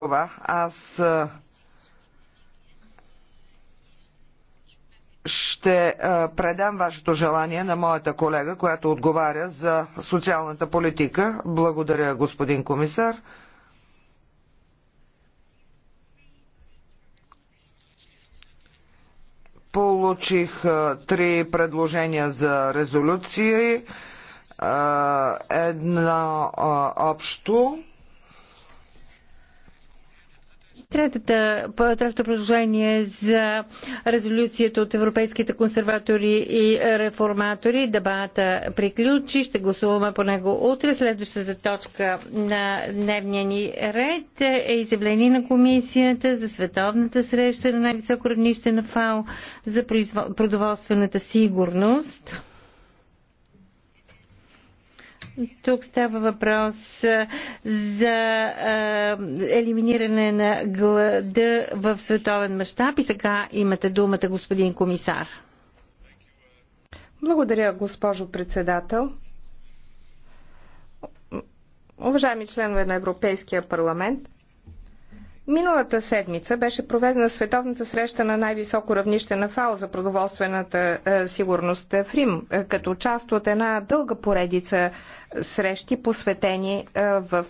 Това аз ще предам вашето желание на моята колега, която отговаря за социалната политика. Благодаря, господин комисар. Получих три предложения за резолюции. Едно общо Третата, третото предложение за резолюцията от европейските консерватори и реформатори. Дебата приключи. Ще гласуваме по него утре. Следващата точка на дневния ни ред е изявление на комисията за световната среща на най-високо равнище на ФАО за продоволствената сигурност. Тук става въпрос за елиминиране на глада в световен мащаб и така имате думата, господин комисар. Благодаря, госпожо председател. Уважаеми членове на Европейския парламент, Миналата седмица беше проведена световната среща на най-високо равнище на ФАО за продоволствената е, сигурност е, в Рим, е, като част от една дълга поредица срещи, посветени в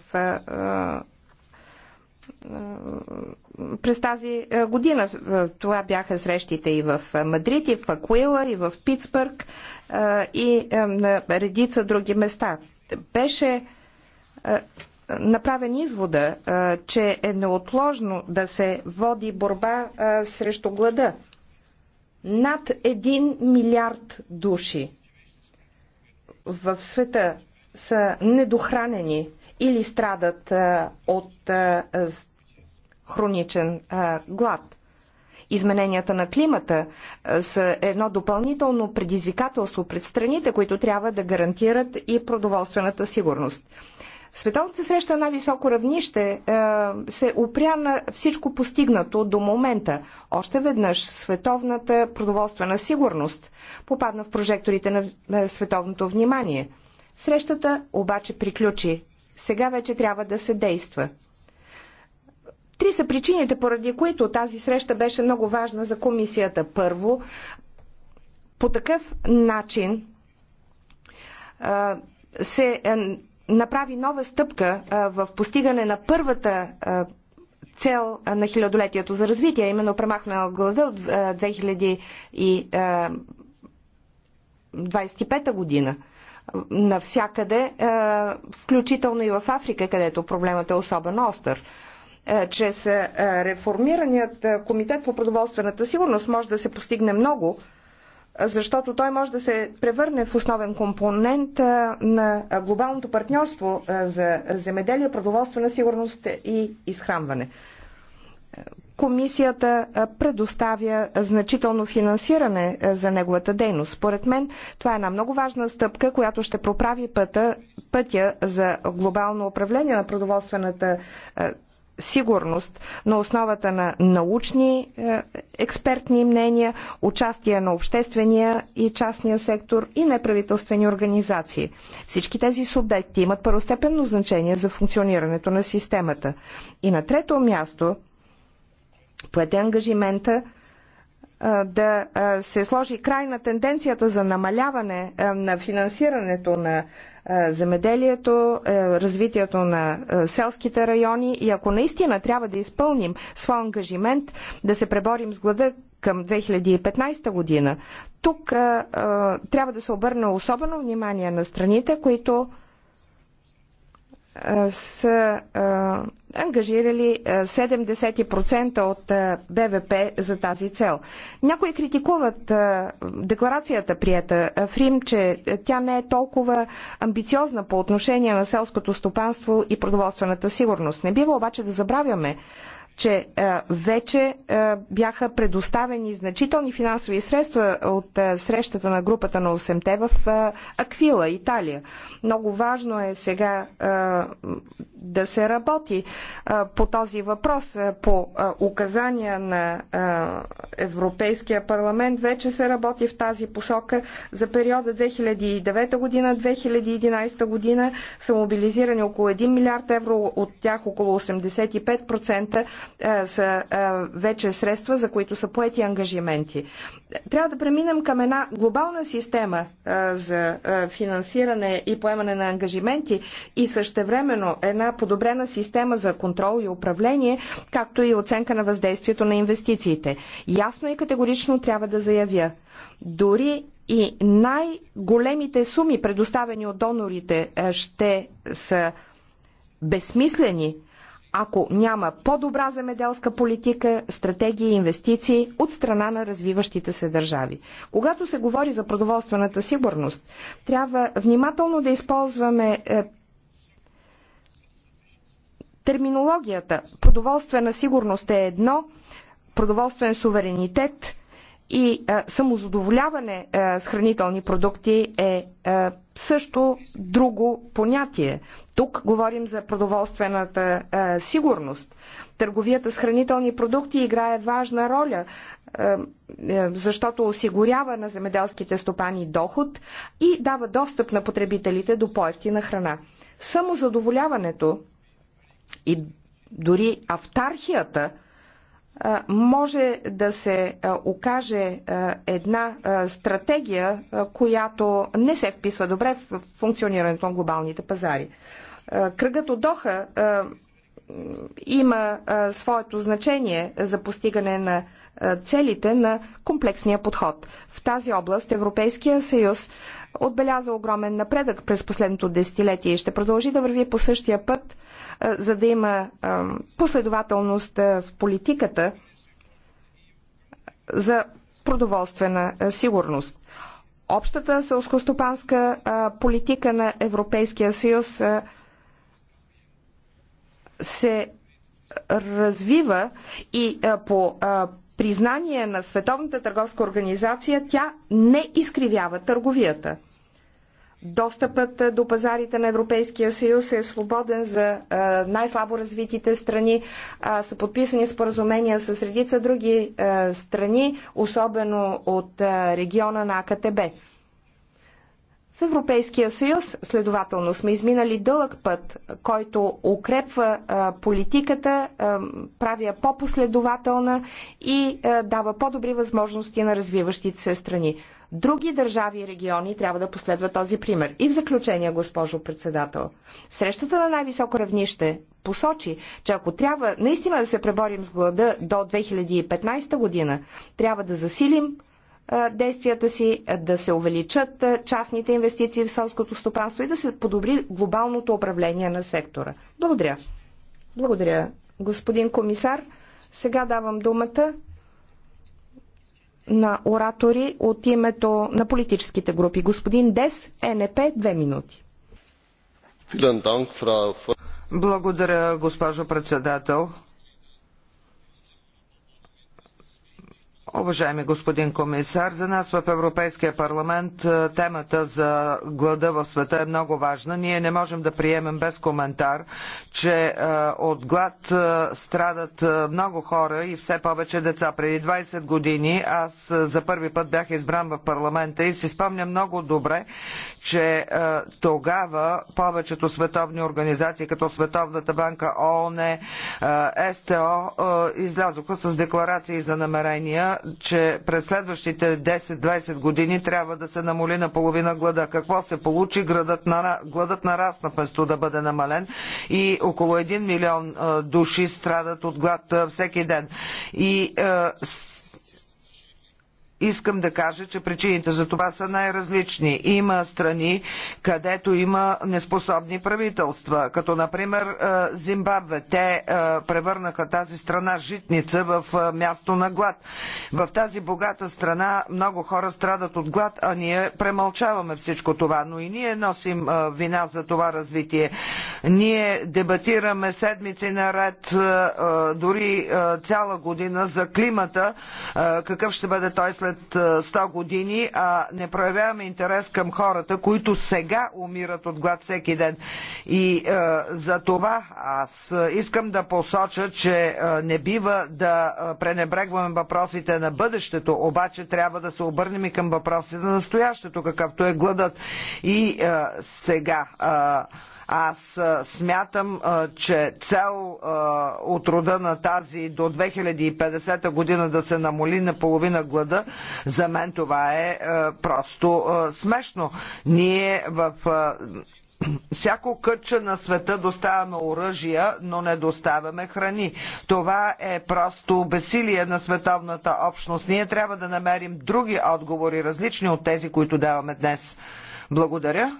през тази година. Това бяха срещите и в Мадрид, и в Акуила, и в Питсбърг, и на редица други места. Беше направен извода, че е неотложно да се води борба срещу глада. Над 1 милиард души в света са недохранени или страдат от хроничен глад. Измененията на климата са едно допълнително предизвикателство пред страните, които трябва да гарантират и продоволствената сигурност. Световната среща на високо равнище е, се опря на всичко постигнато до момента. Още веднъж световната продоволствена сигурност попадна в прожекторите на световното внимание. Срещата обаче приключи. Сега вече трябва да се действа. Три са причините, поради които тази среща беше много важна за комисията. Първо, по такъв начин е, се е, направи нова стъпка в постигане на първата цел на хилядолетието за развитие, именно премахване на глада от 2025 година навсякъде, включително и в Африка, където проблемът е особено остър. Чрез реформираният комитет по продоволствената сигурност може да се постигне много, защото той може да се превърне в основен компонент на глобалното партньорство за земеделие, продоволствена сигурност и изхранване. Комисията предоставя значително финансиране за неговата дейност. Според мен това е една много важна стъпка, която ще проправи пътя, пътя за глобално управление на продоволствената сигурност на основата на научни е, експертни мнения, участие на обществения и частния сектор и неправителствени организации. Всички тези субекти имат първостепенно значение за функционирането на системата. И на трето място, поете ангажимента е, да е, се сложи край на тенденцията за намаляване на финансирането на е, земеделието, е, развитието на е, селските райони и ако наистина трябва да изпълним своя ангажимент да се преборим с глада към 2015 година, тук трябва да се обърне особено внимание на страните, които са ангажирали 70% от БВП за тази цел. Някои критикуват декларацията прията в Рим, че тя не е толкова амбициозна по отношение на селското стопанство и продоволствената сигурност. Не бива обаче да забравяме, че е, вече е, бяха предоставени значителни финансови средства от е, срещата на групата на 8-те в Аквила, Италия. Много важно е сега да се работи по този въпрос. По указания на Европейския парламент вече се работи в тази посока. За периода 2009 година, 2011 година са мобилизирани около 1 милиард евро, от тях около 85% е, са е, вече средства, за които са поети ангажименти. Трябва да преминем към една глобална система е, за финансиране и поемане на ангажименти и същевременно една подобрена система за контрол и управление, както и оценка на въздействието на инвестициите. Ясно и категорично трябва да заявя. Дори и най-големите суми, предоставени от донорите, ще са безсмислени, ако няма по-добра земеделска политика, стратегия и инвестиции от страна на развиващите се държави. Когато се говори за продоволствената сигурност, трябва внимателно да използваме е, терминологията. Продоволствена сигурност е едно, продоволствен суверенитет и а, самозадоволяване а, с хранителни продукти е а, също друго понятие. Тук говорим за продоволствената а, сигурност. Търговията с хранителни продукти играе важна роля, защото осигурява на земеделските стопани доход и дава достъп на потребителите до поевти на храна. Самозадоволяването и дори автархията – може да се окаже една стратегия, която не се вписва добре в функционирането на глобалните пазари. Кръгът от Доха има своето значение за постигане на целите на комплексния подход. В тази област Европейския съюз отбеляза огромен напредък през последното десетилетие и ще продължи да върви по същия път за да има последователност в политиката за продоволствена сигурност. Общата селскостопанска политика на Европейския съюз се развива и по признание на Световната търговска организация тя не изкривява търговията. Достъпът до пазарите на Европейския съюз е свободен за най-слабо развитите страни. Са подписани споразумения с редица други страни, особено от региона на АКТБ. В Европейския съюз, следователно, сме изминали дълъг път, който укрепва политиката, прави я по-последователна и дава по-добри възможности на развиващите се страни. Други държави и региони трябва да последват този пример. И в заключение, госпожо председател, срещата на най-високо равнище посочи, че ако трябва наистина да се преборим с глада до 2015 година, трябва да засилим действията си, да се увеличат частните инвестиции в селското стопанство и да се подобри глобалното управление на сектора. Благодаря. Благодаря, господин комисар. Сега давам думата на оратори от името на политическите групи. Господин Дес, НП, две минути. Благодаря, госпожо председател. Уважаеми господин комисар, за нас в Европейския парламент е, темата за глада в света е много важна. Ние не можем да приемем без коментар, че е, от глад е, страдат много хора и все повече деца. Преди 20 години аз за първи път бях избран в парламента и си спомня много добре, че тогава повечето световни организации, като Световната банка, ООН, СТО, излязоха с декларации за намерения че през следващите 10-20 години трябва да се намоли на половина глада. Какво се получи? Градът на, Гладът нарасна вместо да бъде намален и около 1 милион души страдат от глад всеки ден. И е, искам да кажа, че причините за това са най-различни. Има страни, където има неспособни правителства, като например е, Зимбабве. Те е, превърнаха тази страна житница в е, място на глад. В тази богата страна много хора страдат от глад, а ние премълчаваме всичко това. Но и ние носим вина за това развитие. Ние дебатираме седмици наред, дори цяла година за климата, какъв ще бъде той след след 100 е, години, а не проявяваме интерес към хората, които сега умират от глад всеки ден. И е, за това аз искам да посоча, че е, не бива да пренебрегваме въпросите на бъдещето, обаче трябва да се обърнем и към въпросите на настоящето, какъвто е гладът. И сега. Аз смятам, че цел от рода на тази до 2050 година да се намоли на половина глада, за мен това е просто смешно. Ние в Всяко кътче на света доставяме оръжия, но не доставяме храни. Това е просто бесилие на световната общност. Ние трябва да намерим други отговори, различни от тези, които даваме днес. Благодаря.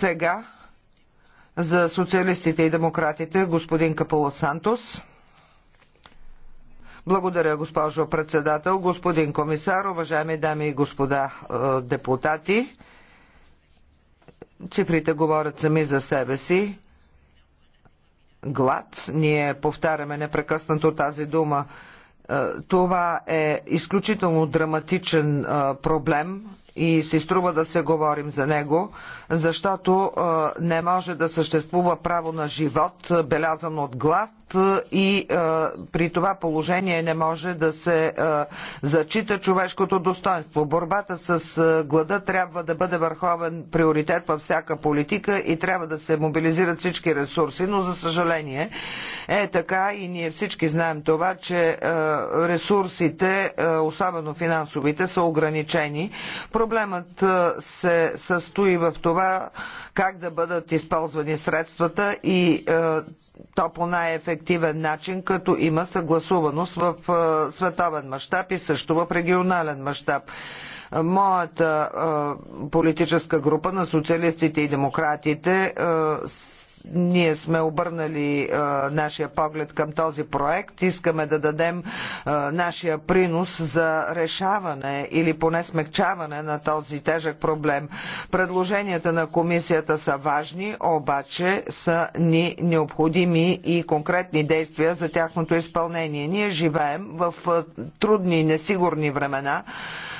Сега за социалистите и демократите господин Капола Сантос. Благодаря, госпожо председател, господин комисар, уважаеми дами и господа е, депутати. Цифрите говорят сами за себе си. Глад, ние повтаряме непрекъснато тази дума. Е, това е изключително драматичен е, проблем, и си струва да се говорим за него, защото не може да съществува право на живот, белязан от глас и при това положение не може да се зачита човешкото достоинство. Борбата с глада трябва да бъде върховен приоритет във всяка политика и трябва да се мобилизират всички ресурси, но за съжаление е така и ние всички знаем това, че ресурсите, особено финансовите, са ограничени. Проблемът се състои в това как да бъдат използвани средствата и то по най-ефективен начин, като има съгласуваност в световен мащаб и също в регионален мащаб моята политическа група на социалистите и демократите ние сме обърнали а, нашия поглед към този проект. Искаме да дадем а, нашия принос за решаване или поне смягчаване на този тежък проблем. Предложенията на комисията са важни, обаче са ни необходими и конкретни действия за тяхното изпълнение. Ние живеем в трудни и несигурни времена.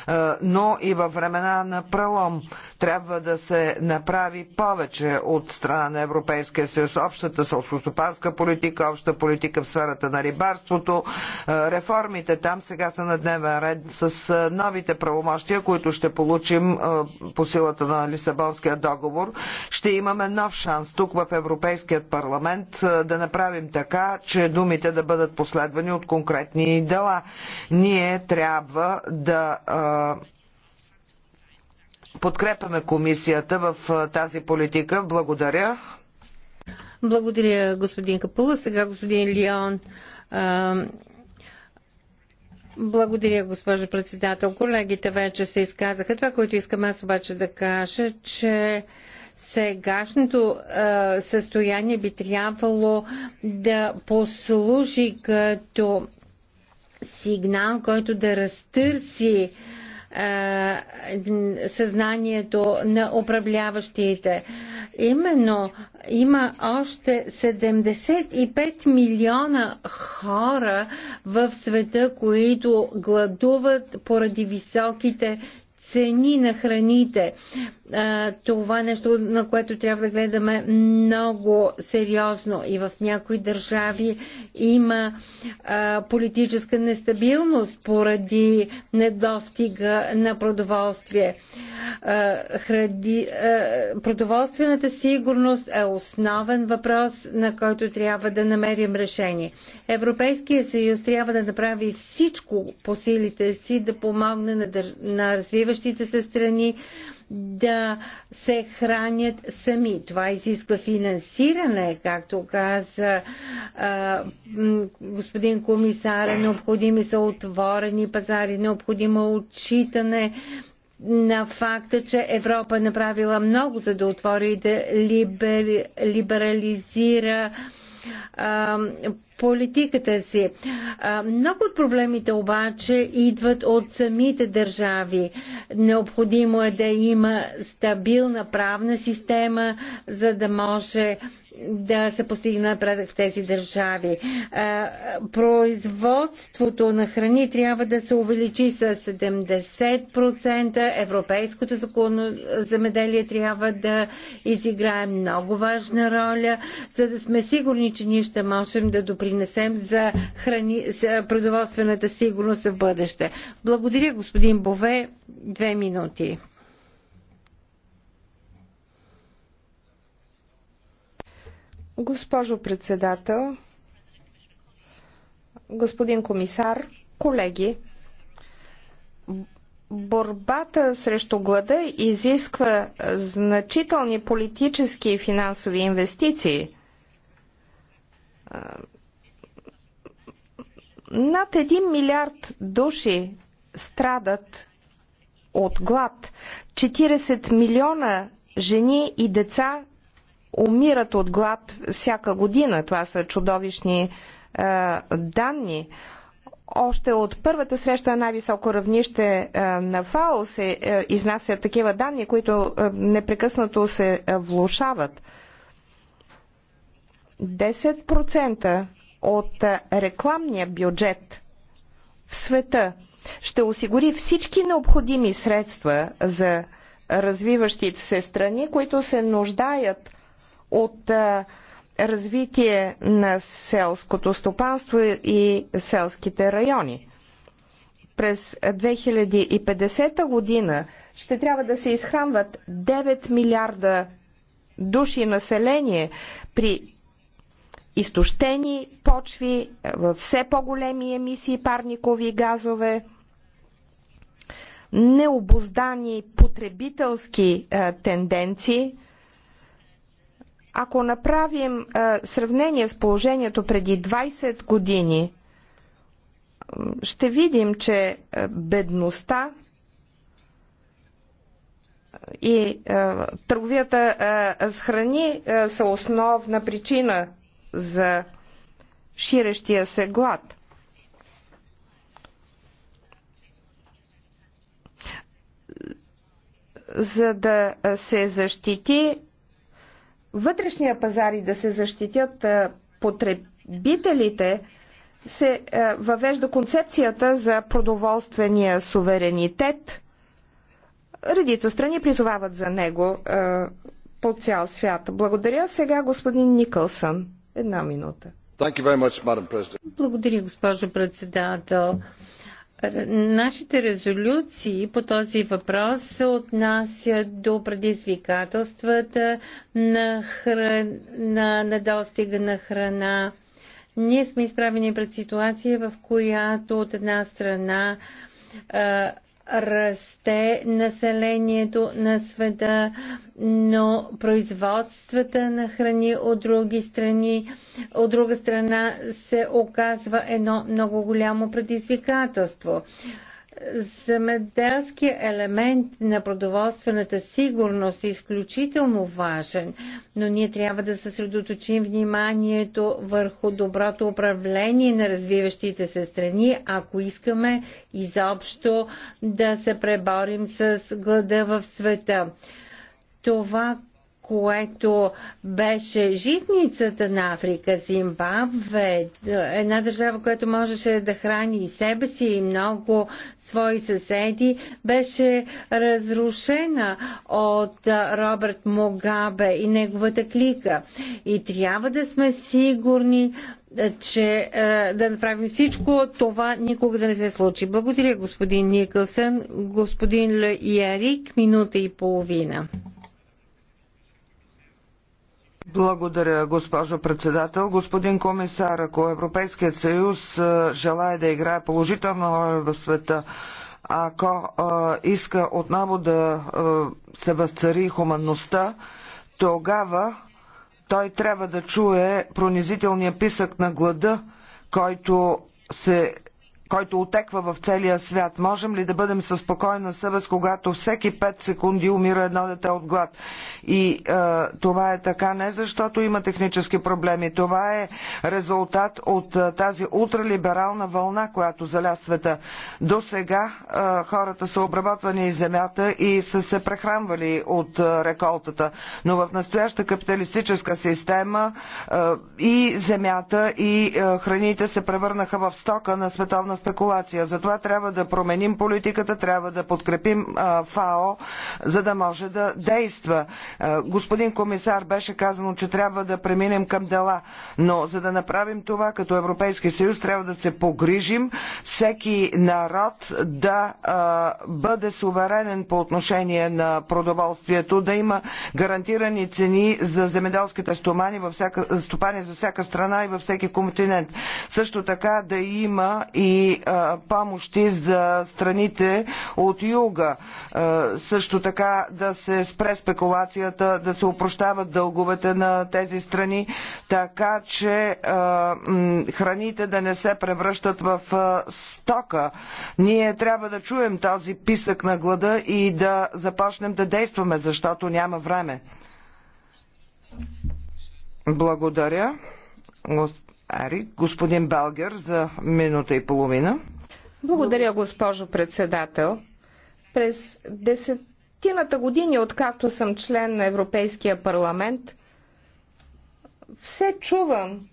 Е, но и във времена на прелом. Трябва да се направи повече от страна на Европейския съюз. Общата сълскостопанска политика, обща политика в сферата на рибарството, е, реформите там сега са на дневен ред с е, новите правомощия, които ще получим по силата на Лисабонския договор. Ще имаме нов шанс тук в Европейският парламент да направим така, че думите да бъдат последвани от конкретни дела. Ние трябва да подкрепяме комисията в тази политика. Благодаря. Благодаря, господин Капула. Сега господин Лион. Благодаря, госпожо председател. Колегите вече се изказаха. Това, което искам аз обаче да кажа, че сегашното състояние би трябвало да послужи като сигнал, който да разтърси съзнанието на управляващите. Именно има още 75 милиона хора в света, които гладуват поради високите цени на храните. Това е нещо, на което трябва да гледаме много сериозно. И в някои държави има политическа нестабилност поради недостига на продоволствие. Продоволствената сигурност е основен въпрос, на който трябва да намерим решение. Европейския съюз трябва да направи всичко по силите си да помогне на, на развиващите развиващите се страни да се хранят сами. Това изисква финансиране, както каза а, господин комисар, необходими са отворени пазари, необходимо отчитане на факта, че Европа е направила много, за да отвори и да либер, либерализира а, политиката си. А, много от проблемите обаче идват от самите държави. Необходимо е да има стабилна правна система, за да може да се постигне напредък в тези държави. Производството на храни трябва да се увеличи с 70%. Европейското законно замеделие трябва да изиграе много важна роля, за да сме сигурни, че ние ще можем да допринесем за, храни, за продоволствената сигурност в бъдеще. Благодаря, господин Бове. Две минути. Госпожо председател, господин комисар, колеги, борбата срещу глада изисква значителни политически и финансови инвестиции. Над 1 милиард души страдат от глад. 40 милиона жени и деца умират от глад всяка година. Това са чудовищни е, данни. Още от първата среща на най-високо равнище е, на ФАО се е, изнасят такива данни, които е, непрекъснато се е, влушават. 10% от е, рекламния бюджет в света ще осигури всички необходими средства за развиващите се страни, които се нуждаят от развитие на селското стопанство и селските райони. През 2050 година ще трябва да се изхранват 9 милиарда души население при изтощени почви, в все по-големи емисии парникови газове, необоздани потребителски тенденции – ако направим а, сравнение с положението преди 20 години, ще видим, че бедността и а, търговията а, с храни а, са основна причина за ширещия се глад. За да се защити вътрешния пазар и да се защитят потребителите, се въвежда концепцията за продоволствения суверенитет. Редица страни призовават за него по цял свят. Благодаря сега господин Никълсън. Една минута. Благодаря, госпожо председател. Нашите резолюции по този въпрос се отнасят до предизвикателствата на, хран... на недостига на храна. Ние сме изправени пред ситуация, в която от една страна расте населението на света, но производствата на храни от други страни, от друга страна се оказва едно много голямо предизвикателство. Земеделският елемент на продоволствената сигурност е изключително важен, но ние трябва да съсредоточим вниманието върху доброто управление на развиващите се страни, ако искаме изобщо да се преборим с глада в света. Това, което беше житницата на Африка, Зимбабве, една държава, която можеше да храни и себе си и много свои съседи, беше разрушена от Робърт Могабе и неговата клика. И трябва да сме сигурни, че да направим всичко това никога да не се случи. Благодаря, господин Никълсън. Господин Ярик, минута и половина. Благодаря, госпожо председател. Господин комисар, ако Европейският съюз желая да играе положителна роля в света, ако иска отново да се възцари хуманността, тогава той трябва да чуе пронизителния писък на глада, който се който отеква в целия свят. Можем ли да бъдем със спокойна съвест, когато всеки 5 секунди умира едно дете от глад? И е, това е така не защото има технически проблеми. Това е резултат от е, тази ултралиберална вълна, която заля света. До сега е, хората са обработвани из земята и са се прехранвали от е, реколтата. Но в настояща капиталистическа система е, и земята, и е, храните се превърнаха в стока на световна спекулация. Затова трябва да променим политиката, трябва да подкрепим ФАО, за да може да действа. Господин комисар, беше казано, че трябва да преминем към дела, но за да направим това като Европейски съюз, трябва да се погрижим всеки народ да бъде суверенен по отношение на продоволствието, да има гарантирани цени за земеделските стомани във всяка, стопани за всяка страна и във всеки континент. Също така да има и помощи за страните от юга. Също така да се спре спекулацията, да се упрощават дълговете на тези страни, така че храните да не се превръщат в стока. Ние трябва да чуем този писък на глада и да започнем да действаме, защото няма време. Благодаря. господ. Ари. Господин Балгер за минута и половина. Благодаря, госпожо председател. През десетината години, откакто съм член на Европейския парламент, все чувам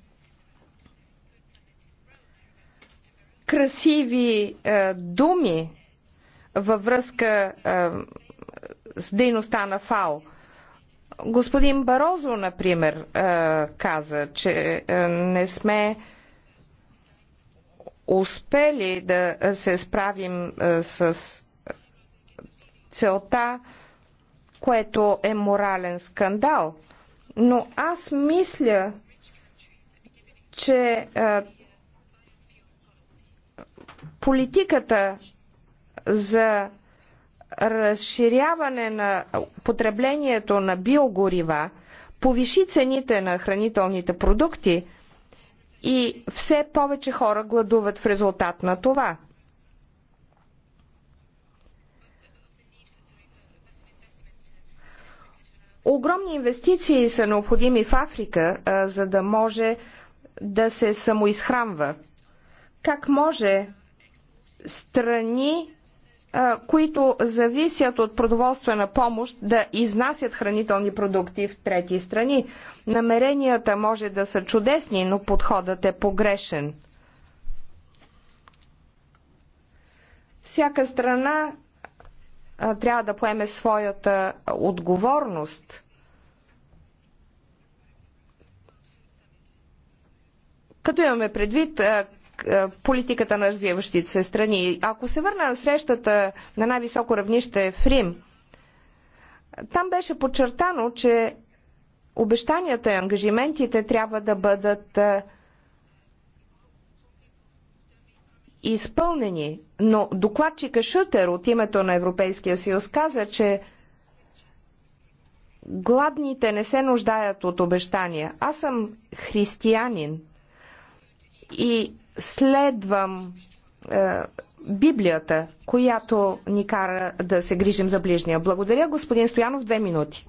красиви е, думи във връзка е, с дейността на ФАО. Господин Барозо, например, е, каза, че е, не сме успели да се справим е, с целта, което е морален скандал. Но аз мисля, че политиката за разширяване на потреблението на биогорива повиши цените на хранителните продукти и все повече хора гладуват в резултат на това. Огромни инвестиции са необходими в Африка, за да може да се самоизхранва. Как може страни които зависят от продоволствена помощ, да изнасят хранителни продукти в трети страни. Намеренията може да са чудесни, но подходът е погрешен. Всяка страна а, трябва да поеме своята отговорност. Като имаме предвид а, е, политиката на развиващите се страни. Ако се върна на срещата на най-високо равнище в Рим, там беше подчертано, че обещанията и ангажиментите трябва да бъдат е, изпълнени. Но докладчика Шутер от името на Европейския съюз каза, че гладните не се нуждаят от обещания. Аз съм християнин и следвам е, Библията, която ни кара да се грижим за ближния. Благодаря, господин Стоянов, две минути.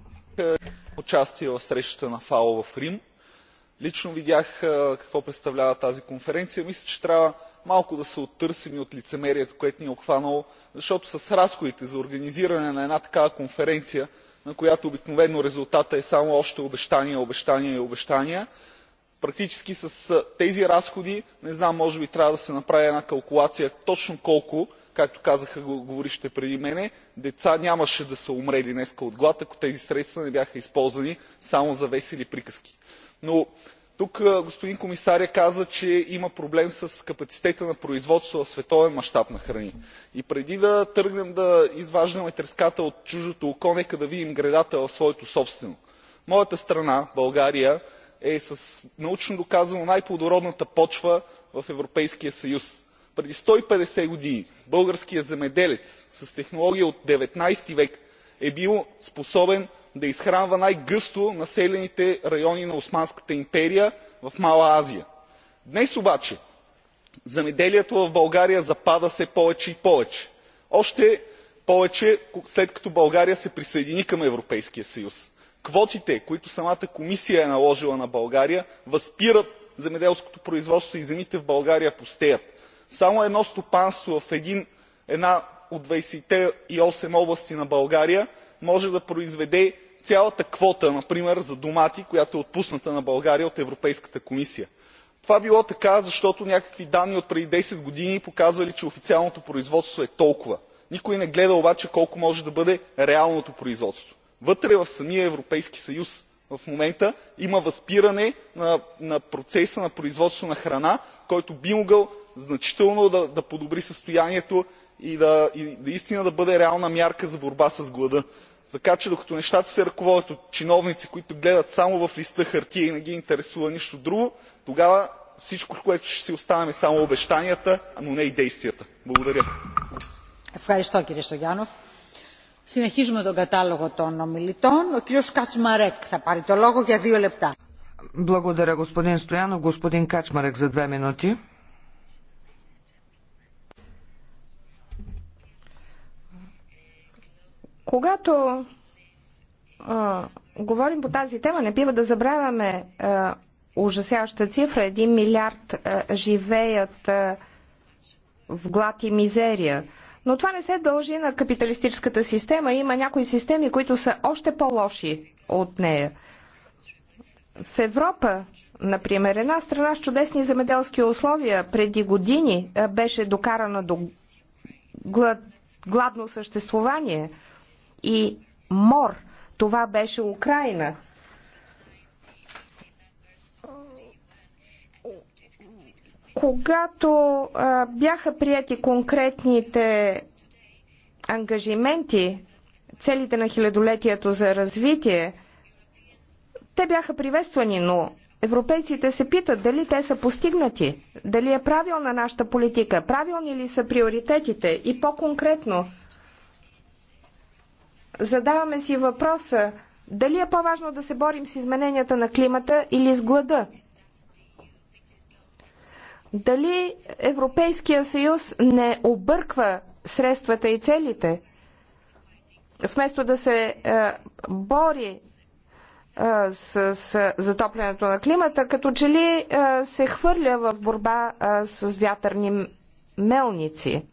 Участие в срещата на ФАО в Рим. Лично видях е, какво представлява тази конференция. Мисля, че трябва малко да се оттърсим и от лицемерието, което ни е обхванало, защото с разходите за организиране на една такава конференция, на която обикновено резултата е само още обещания, обещания и обещания, практически с тези разходи не знам може би трябва да се направи една калкулация точно колко както казаха говорившите преди мен деца нямаше да са умрели днес от глад ако тези средства не бяха използвани само за весели приказки. но тук господин комисарят каза че има проблем с капацитета на производство в световен мащаб на храни и преди да тръгнем да изваждаме треската от чуждото око нека да видим гредата в своето собствено. моята страна българия е с научно доказано най плодородната почва в европейския съюз. преди сто и петдесет години българският земеделец с технология от деветнадесети век е бил способен да изхранва най гъсто населените райони на османската империя в мала азия. днес обаче земеделието в българия запада все повече и повече още повече след като българия се присъедини към европейския съюз квотите които самата комисия е наложила на българя възпират земеделското производство и земите в българя пустеят. само едно стопанство в една от двадесет и осем области на българя може да произведе цялата квота например за домати която е отпусната на българя от европейската комисия. това било така защото някакви данни отпреди десет години показвали че официалното производство е толкова. никой не гледа обаче колко може да бъде реалното производство вътре в самия европейски съюз в момента има възпиране на процеса на производство на храна който би могъл значително да подобри състоянието и наистина да бъде реална мярка за борба с глада. така че докато нещата се ръководят от чиновници които гледат само в листа хартия и не ги интересува нищо друго тогава всичко с което ще си останем е само обещанията но не и действията. благодаря. Συνεχίζουμε τον κατάλογο των ομιλητών. Ο Κατσμαρέκ θα πάρει το λόγο για δύο λεπτά. Благодаря, господин Стоянов. Господин Качмарек за две минути. Когато а, говорим по тази тема, не бива да забравяме а, ужасяваща цифра. Един милиард а, живеят а, в глад и мизерия. Но това не се дължи на капиталистическата система. Има някои системи, които са още по-лоши от нея. В Европа, например, една страна с чудесни земеделски условия преди години беше докарана до глад, гладно съществуване и мор. Това беше Украина. Когато а, бяха прияти конкретните ангажименти, целите на хилядолетието за развитие, те бяха приветствани, но европейците се питат дали те са постигнати, дали е правилна нашата политика, правилни ли са приоритетите и по-конкретно задаваме си въпроса дали е по-важно да се борим с измененията на климата или с глада. Дали Европейския съюз не обърква средствата и целите, вместо да се е, бори е, с, с затоплянето на климата, като че ли е, се хвърля в борба с вятърни мелници.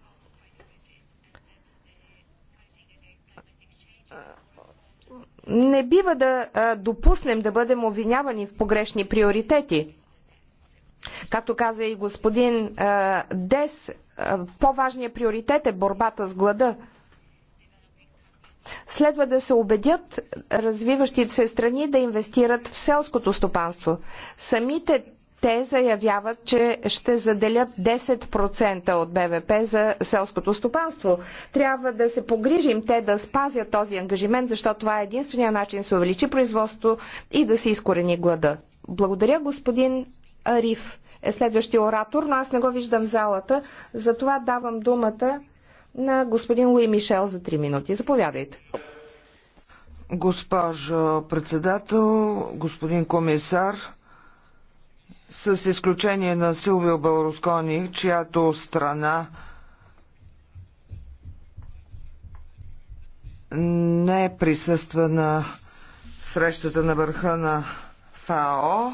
Не бива да допуснем да бъдем обвинявани в погрешни приоритети. Както каза и господин Дес, по-важният приоритет е борбата с глада. Следва да се убедят развиващите се страни да инвестират в селското стопанство. Самите те заявяват, че ще заделят 10% от БВП за селското стопанство. Трябва да се погрижим те да спазят този ангажимент, защото това е единствения начин да се увеличи производство и да се изкорени глада. Благодаря, господин Ариф е следващия оратор, но аз не го виждам в залата. Затова давам думата на господин Луи Мишел за 3 минути. Заповядайте. Госпожо председател, господин комисар, с изключение на Силвио Беларускони, чиято страна не присъства на срещата на върха на ФАО,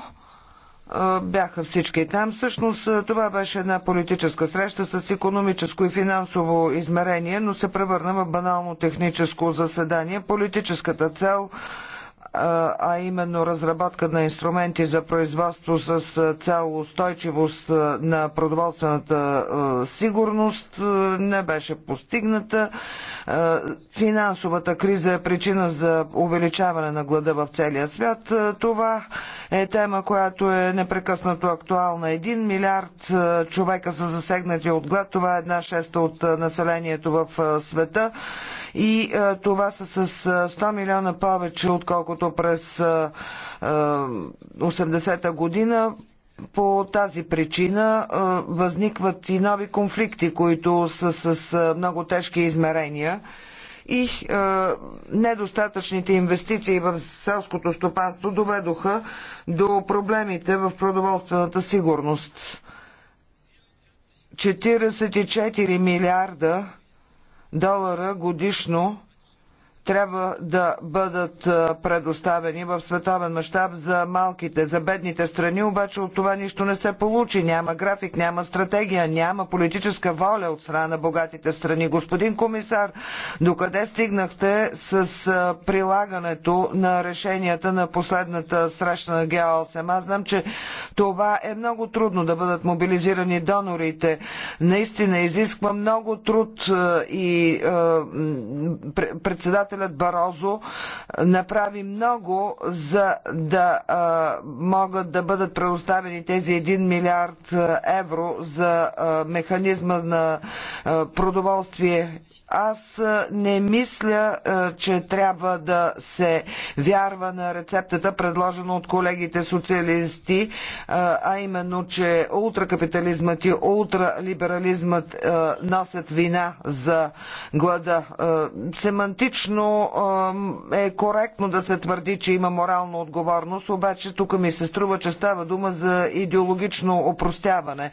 бяха всички там. Всъщност това беше една политическа среща с економическо и финансово измерение, но се превърна в банално техническо заседание. Политическата цел а именно разработка на инструменти за производство с цел устойчивост на продоволствената сигурност не беше постигната. Финансовата криза е причина за увеличаване на глада в целия свят. Това е тема, която е непрекъснато актуална. Един милиард човека са засегнати от глад. Това е една шеста от населението в света и е, това са с 100 е, милиона повече, отколкото през 80-та е, година. По тази причина възникват и нови конфликти, които са с много тежки измерения и е, недостатъчните инвестиции в селското стопанство доведоха до проблемите в продоволствената сигурност. 44 милиарда долара годишно трябва да бъдат предоставени в световен мащаб за малките, за бедните страни, обаче от това нищо не се получи. Няма график, няма стратегия, няма политическа воля от страна на богатите страни. Господин комисар, докъде стигнахте с прилагането на решенията на последната среща на Г8? Аз знам, че това е много трудно да бъдат мобилизирани донорите. Наистина изисква много труд и председател председателят Барозо е, направи много за да а, е, могат да бъдат предоставени тези 1 милиард е, евро за а, механизма на а, продоволствие аз не мисля, че трябва да се вярва на рецептата, предложена от колегите социалисти, а именно, че ултракапитализмът и ултралиберализмът носят вина за глада. Семантично е коректно да се твърди, че има морална отговорност, обаче тук ми се струва, че става дума за идеологично опростяване.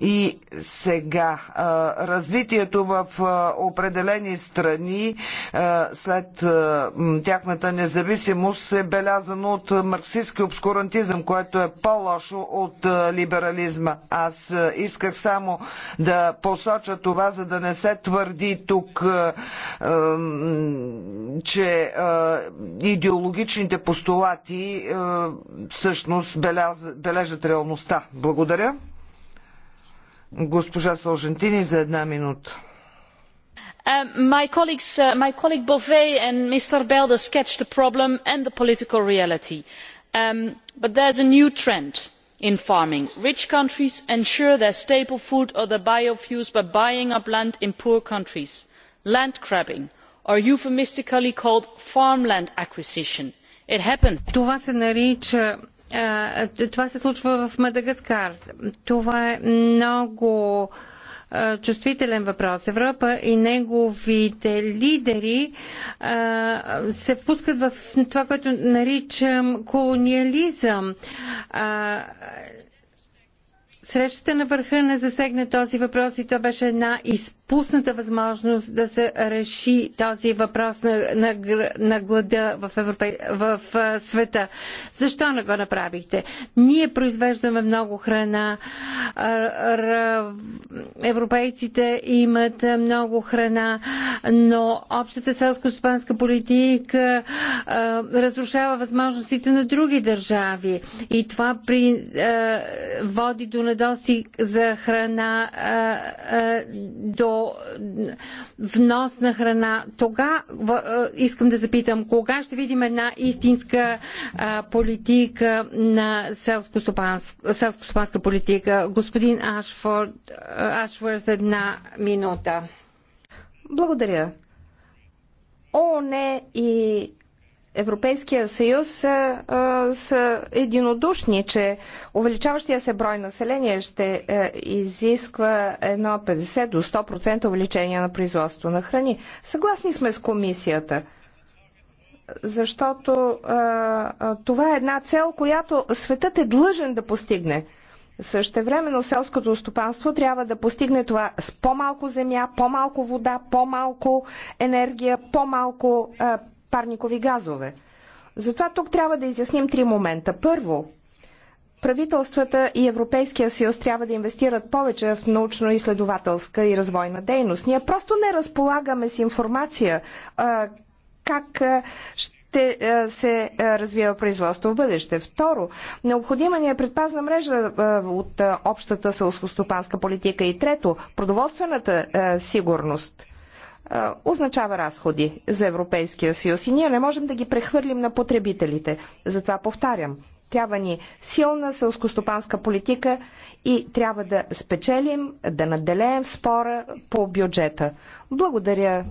И сега развитието в определените определени страни е, след е, тяхната независимост е белязано от марксистски обскурантизъм, което е по-лошо от е, либерализма. Аз исках само да посоча това, за да не се твърди тук, че идеологичните постулати всъщност бележат реалността. Благодаря. Госпожа Сължентини за една минута my colleagues bov and mr belder sketched the problem and the political reality but there is a new trend in farming rich countries ensure their staple food or their biofuels by buying up land in poor countries land grabbing or euphemistically called farmland acquisition. it happens. това се случва в мадагаскар. това е много чувствителен въпрос. Европа и неговите лидери се впускат в това, което наричам колониализъм. Срещата на върха не засегна този въпрос и то беше една из пусната възможност да се реши този въпрос на, на, на глада в, Европе, в света. Защо не го направихте? Ние произвеждаме много храна. Европейците имат много храна, но общата селско-стопанска политика разрушава възможностите на други държави. И това при, води до недостиг за храна до внос на храна. Тога искам да запитам, кога ще видим една истинска политика на селско-стопанска политика? Господин Ашфорд, Ашфорд, една минута. Благодаря. ООН и Европейския съюз са, са единодушни, че увеличаващия се брой население ще е, изисква едно 50 до 100% увеличение на производство на храни. Съгласни сме с комисията, защото това е една цел, която светът е длъжен да постигне. Същевременно селското стопанство трябва да постигне това с по-малко земя, по-малко вода, по-малко енергия, по-малко парникови газове. Затова тук трябва да изясним три момента. Първо, правителствата и Европейския съюз трябва да инвестират повече в научно-изследователска и развойна дейност. Ние просто не разполагаме с информация а, как ще а, се развива производство в бъдеще. Второ, необходима ни е предпазна мрежа а, от а, общата селскостопанска политика. И трето, продоволствената а, сигурност – означава разходи за Европейския съюз и ние не можем да ги прехвърлим на потребителите. Затова повтарям, трябва ни силна селскостопанска политика и трябва да спечелим, да наделеем спора по бюджета. Благодаря.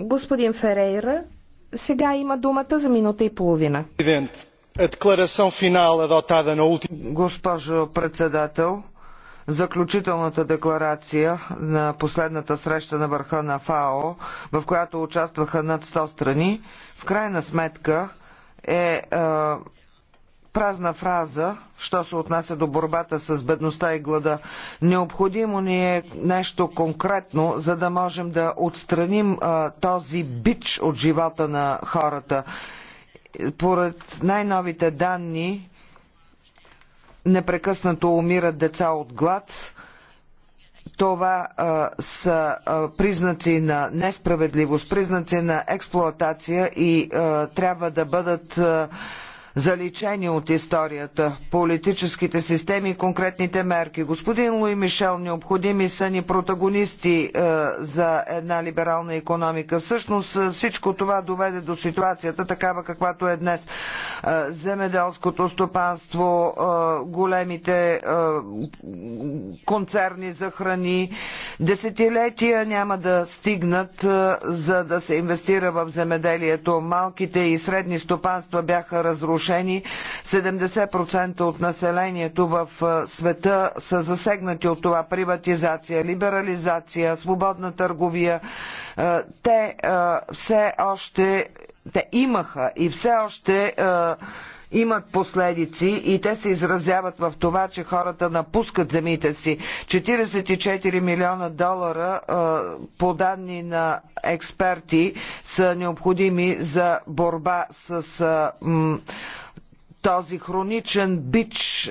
Господин Ферейра, сега има думата за минута и половина. Госпожо председател, заключителната декларация на последната среща на върха на ФАО, в която участваха над 100 страни, в крайна сметка е, е празна фраза, що се отнася до борбата с бедността и глада. Необходимо ни е нещо конкретно, за да можем да отстраним а, е, този бич от живота на хората. Поред най-новите данни, непрекъснато умират деца от глад. Това а, са а, признаци на несправедливост, признаци на експлоатация и а, трябва да бъдат. А, заличени от историята, политическите системи и конкретните мерки. Господин Луи Мишел, необходими са ни протагонисти е, за една либерална економика. Всъщност е, всичко това доведе до ситуацията такава каквато е днес. Е, земеделското стопанство, е, големите е, концерни за храни, десетилетия няма да стигнат е, за да се инвестира в земеделието. Малките и средни стопанства бяха разрушени разрушени. 70% от населението в света са засегнати от това приватизация, либерализация, свободна търговия. Те все още те имаха и все още имат последици и те се изразяват в това, че хората напускат земите си. 44 милиона долара по данни на експерти са необходими за борба с този хроничен бич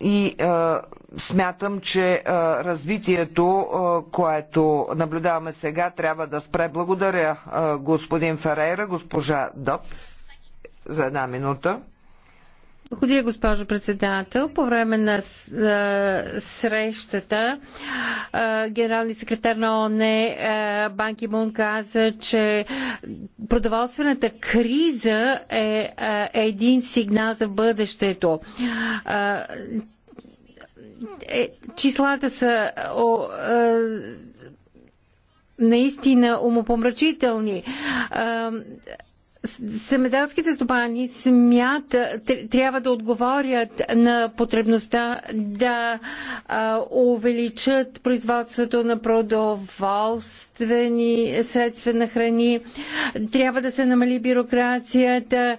и смятам, че развитието, което наблюдаваме сега, трябва да спре. Благодаря господин Ферейра, госпожа Дотс за една минута. Благодаря, госпожо председател. По време на срещата генерални секретар на ООН Банки Мун каза, че продоволствената криза е един сигнал за бъдещето е, числата са о, е, наистина умопомрачителни. Е, Семеделските стопани смята, трябва да отговорят на потребността да а, увеличат производството на продоволствени средства на храни, трябва да се намали бюрокрацията.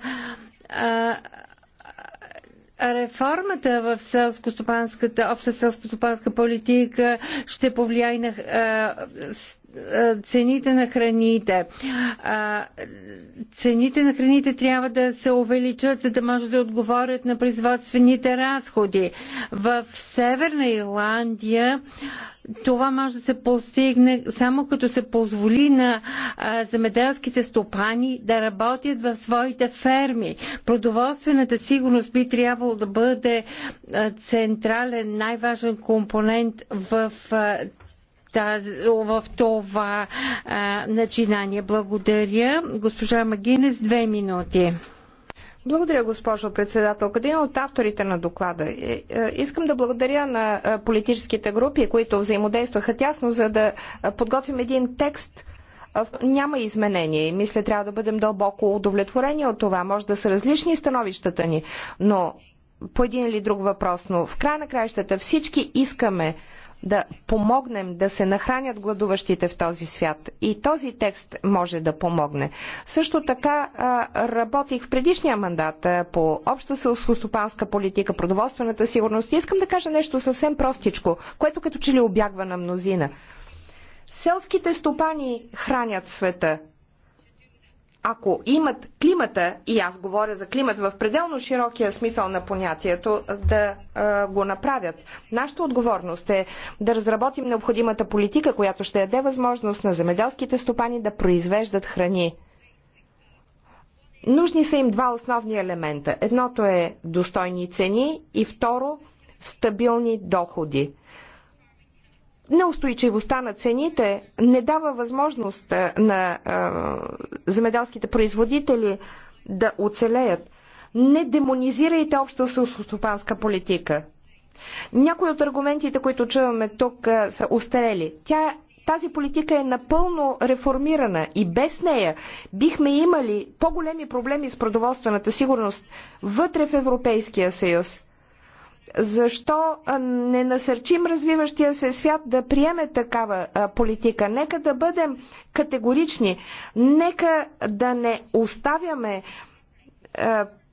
А, реформата в селско-стопанската, обща селско-стопанска политика ще повлияе на а, цените на храните. Цените на храните трябва да се увеличат, за да може да отговорят на производствените разходи. В Северна Ирландия това може да се постигне само като се позволи на земеделските стопани да работят в своите ферми. Продоволствената сигурност би трябвало да бъде а, централен, най-важен компонент в а, в това начинание. Благодаря. Госпожа Магинес, две минути. Благодаря, госпожо председател. Къде от авторите на доклада? Е, е, искам да благодаря на политическите групи, които взаимодействаха тясно, за да подготвим един текст, няма изменение и мисля трябва да бъдем дълбоко удовлетворени от това. Може да са различни становищата ни, но по един или друг въпрос, но в край на краищата всички искаме да помогнем да се нахранят гладуващите в този свят. И този текст може да помогне. Също така работих в предишния мандат по обща селскостопанска политика, продоволствената сигурност. И искам да кажа нещо съвсем простичко, което като че ли обягва на мнозина. Селските стопани хранят света ако имат климата, и аз говоря за климат в пределно широкия смисъл на понятието, да а, го направят. Нашата отговорност е да разработим необходимата политика, която ще даде възможност на земеделските стопани да произвеждат храни. Нужни са им два основни елемента. Едното е достойни цени и второ стабилни доходи неустойчивостта на цените не дава възможност на земеделските производители да оцелеят. Не демонизирайте обща селскостопанска политика. Някои от аргументите, които чуваме тук, са устарели. Тя, тази политика е напълно реформирана и без нея бихме имали по-големи проблеми с продоволствената сигурност вътре в Европейския съюз. Защо не насърчим развиващия се свят да приеме такава политика? Нека да бъдем категорични. Нека да не оставяме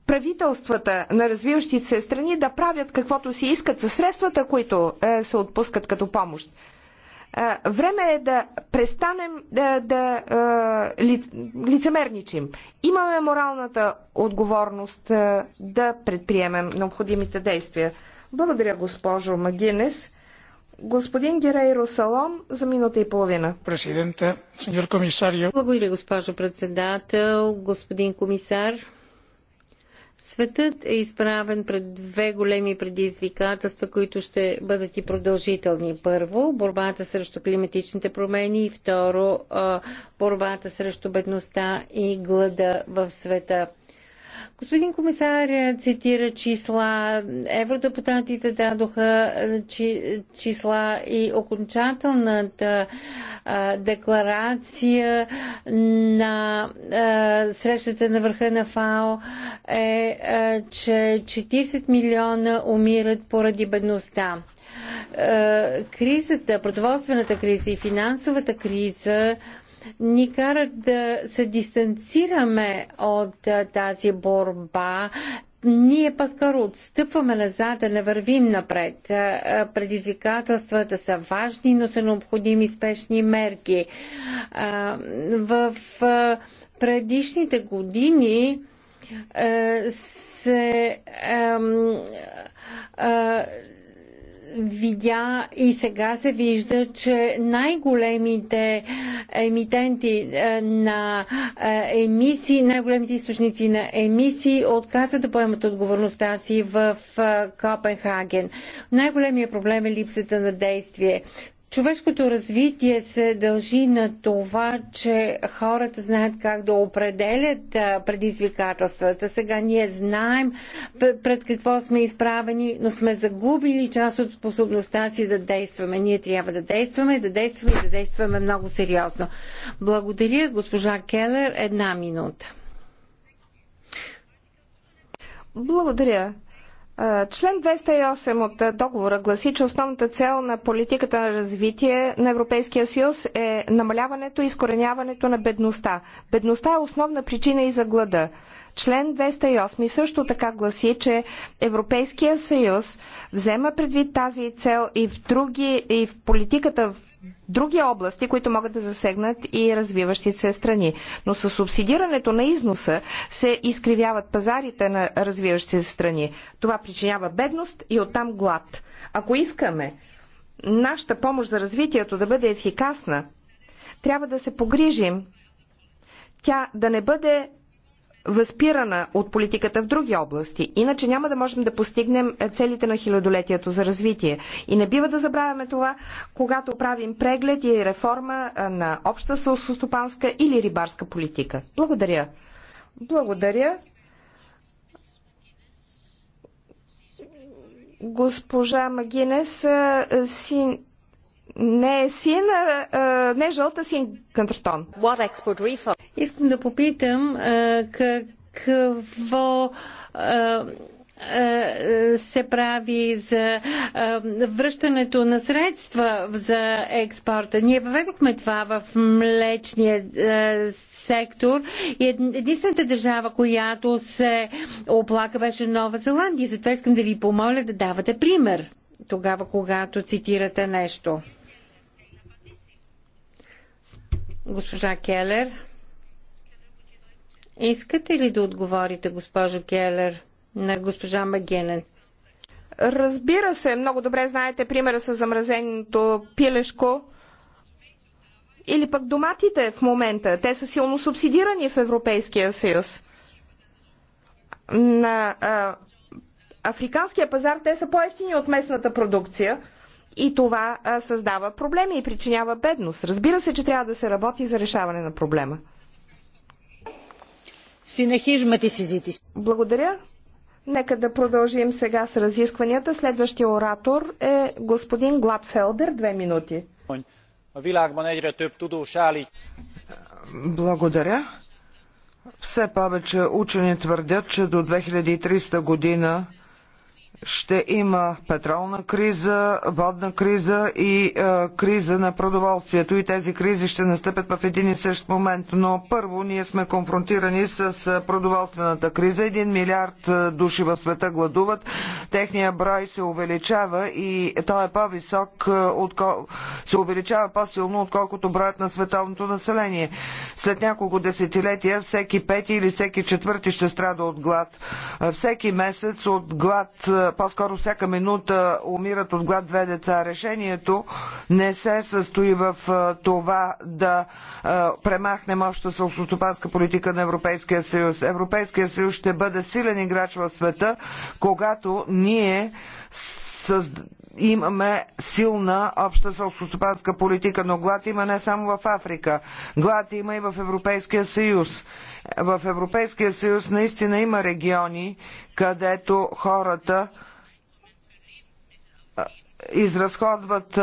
правителствата на развиващите се страни да правят каквото си искат със средствата, които се отпускат като помощ. Време е да престанем да, да ли, лицемерничим. Имаме моралната отговорност да предприемем необходимите действия. Благодаря, госпожо Магинес. Господин Герейро Салом за минута и половина. Президента, сеньор комисарио. Благодаря, госпожо председател, господин комисар. Светът е изправен пред две големи предизвикателства, които ще бъдат и продължителни. Първо, борбата срещу климатичните промени и второ, борбата срещу бедността и глада в света. Господин комисар е, цитира числа, евродепутатите дадоха е, чи, числа и окончателната а, е, декларация на а, срещата на върха на ФАО е, а, че 40 милиона умират поради бедността кризата, продоволствената криза и финансовата криза ни карат да се дистанцираме от тази борба ние по-скоро отстъпваме назад, да не вървим напред. Предизвикателствата са важни, но са необходими спешни мерки. В предишните години се видя и сега се вижда, че най-големите емитенти е, на е, емисии, най-големите източници на емисии отказват да поемат отговорността си в е, Копенхаген. Най-големият проблем е липсата на действие. Човешкото развитие се дължи на това, че хората знаят как да определят предизвикателствата. Сега ние знаем пред какво сме изправени, но сме загубили част от способността си да действаме. Ние трябва да действаме, да действаме и да действаме много сериозно. Благодаря, госпожа Келер. Една минута. Благодаря. Член 208 от договора гласи, че основната цел на политиката на развитие на Европейския съюз е намаляването и изкореняването на бедността. Бедността е основна причина и за глада. Член 208 също така гласи, че Европейския съюз взема предвид тази цел и в други, и в политиката в други области, които могат да засегнат и развиващите се страни. Но с субсидирането на износа се изкривяват пазарите на развиващите се страни. Това причинява бедност и оттам глад. Ако искаме нашата помощ за развитието да бъде ефикасна, трябва да се погрижим тя да не бъде възпирана от политиката в други области. Иначе няма да можем да постигнем е, целите на хилядолетието за развитие. И не бива да забравяме това, когато правим преглед и реформа е, на обща сълсостопанска или рибарска политика. Благодаря. Благодаря. Госпожа Магинес, е, син... не е син, а, не е жълта син Кантертон. What export reform? Искам да попитам какво се прави за връщането на средства за експорта. Ние въведохме това в млечния сектор и единствената държава, която се оплака беше Нова Зеландия. Затова искам да ви помоля да давате пример тогава, когато цитирате нещо. Госпожа Келер. Искате ли да отговорите, госпожо Келер, на госпожа Магенен? Разбира се, много добре знаете примера с замразеното пилешко или пък доматите в момента. Те са силно субсидирани в Европейския съюз. На а, африканския пазар те са по-ефтини от местната продукция и това а, създава проблеми и причинява бедност. Разбира се, че трябва да се работи за решаване на проблема. Συνεχίζουμε τη συζήτηση. Благодаря. Нека да продължим сега с разискванията. Следващия оратор е господин Гладфелдер. Две минути. Благодаря. Все повече учени твърдят, че до 2300 година ще има петролна криза, водна криза и е, криза на продоволствието. И тези кризи ще настъпят в един и същ момент. Но първо ние сме конфронтирани с е, продоволствената криза. Един милиард е, души в света гладуват. Техният брой се увеличава и той е по-висок, е, отко... се увеличава по-силно, отколкото броят на световното население. След няколко десетилетия всеки пети или всеки четвърти ще страда от глад. Всеки месец от глад по-скоро всяка минута умират от глад две деца. Решението не се състои в това да премахнем обща селскостопанска политика на Европейския съюз. Европейския съюз ще бъде силен играч в света, когато ние имаме силна обща селскостопанска политика, но глад има не само в Африка. Глад има и в Европейския съюз. В Европейския съюз наистина има региони, където хората изразходват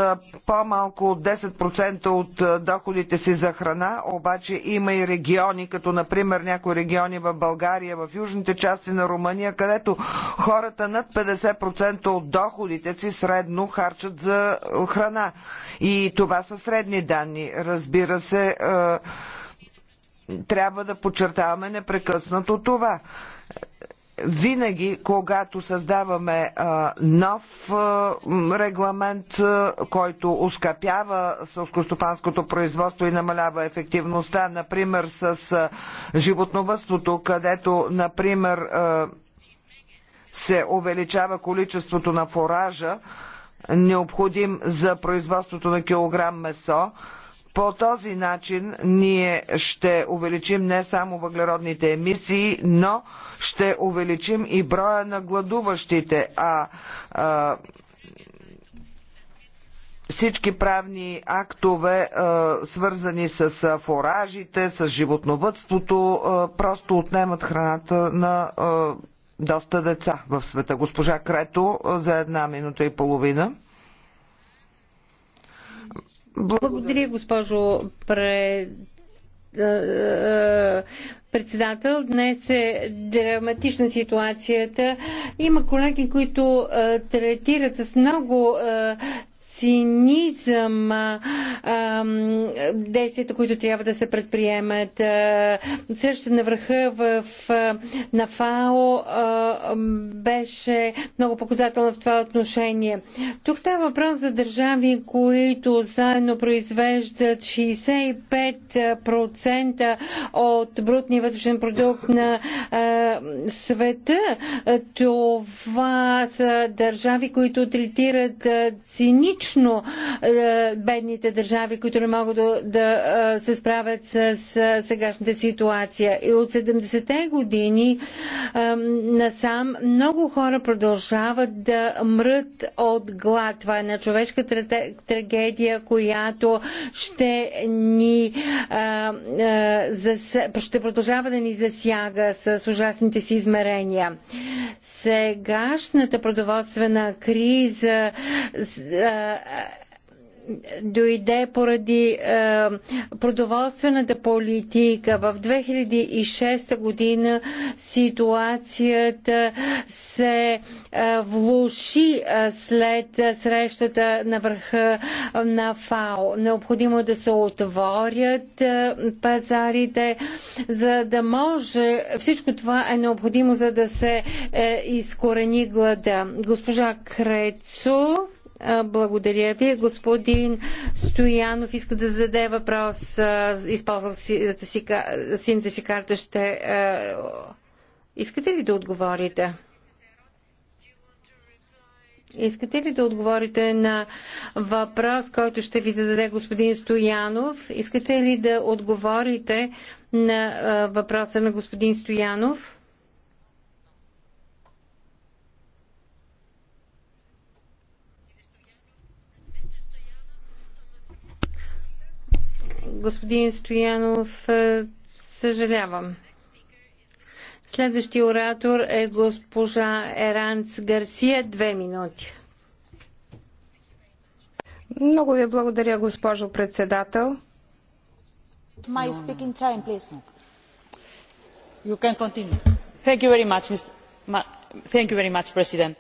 по-малко от 10% от доходите си за храна, обаче има и региони, като например някои региони в България, в южните части на Румъния, където хората над 50% от доходите си средно харчат за храна. И това са средни данни. Разбира се, трябва да подчертаваме непрекъснато това. Винаги, когато създаваме а, нов а, регламент, а, който ускъпява сълскостопанското производство и намалява ефективността, например с а, животновътството, където, например, а, се увеличава количеството на фоража, необходим за производството на килограм месо, а, по този начин ние ще увеличим не само въглеродните емисии, но ще увеличим и броя на гладуващите, а, а всички правни актове, свързани с форажите, с животновътството, просто отнемат храната на доста деца в света. Госпожа Крето за една минута и половина. Благодаря, госпожо председател. Днес е драматична ситуацията. Има колеги, които третират с много цинизъм а, а, действията, които трябва да се предприемат. Среща на върха в, в, на ФАО а, беше много показателна в това отношение. Тук става въпрос за държави, които заедно произвеждат 65% от брутния вътрешен продукт на а, света. Това са държави, които третират цинично точно е, бедните държави, които не могат да, да е, се справят с, с е, сегашната ситуация. И от 70-те години насам много хора продължават да мрът от глад. Това е една човешка трагедия, която ще ни а, а, зас... ще продължава да ни засяга с ужасните си измерения. Сегашната продоволствена криза дойде поради е, продоволствената политика. В 2006 година ситуацията се е, влуши е, след срещата на върха на ФАО. Необходимо е да се отворят е, пазарите, за да може всичко това е необходимо, за да се е, изкорени глада. Госпожа Крецо. Благодаря ви. Господин Стоянов иска да зададе въпрос. Използвах сината си, си карта. Ще... Искате ли да отговорите? Искате ли да отговорите на въпрос, който ще ви зададе господин Стоянов? Искате ли да отговорите на въпроса на господин Стоянов? господин Стоянов, е, съжалявам. Следващия оратор е госпожа Еранц Гарсия. Две минути. Много ви благодаря, госпожо председател. My speaking time, please. You can continue. Thank you very much, Mr. Thank you very much, President.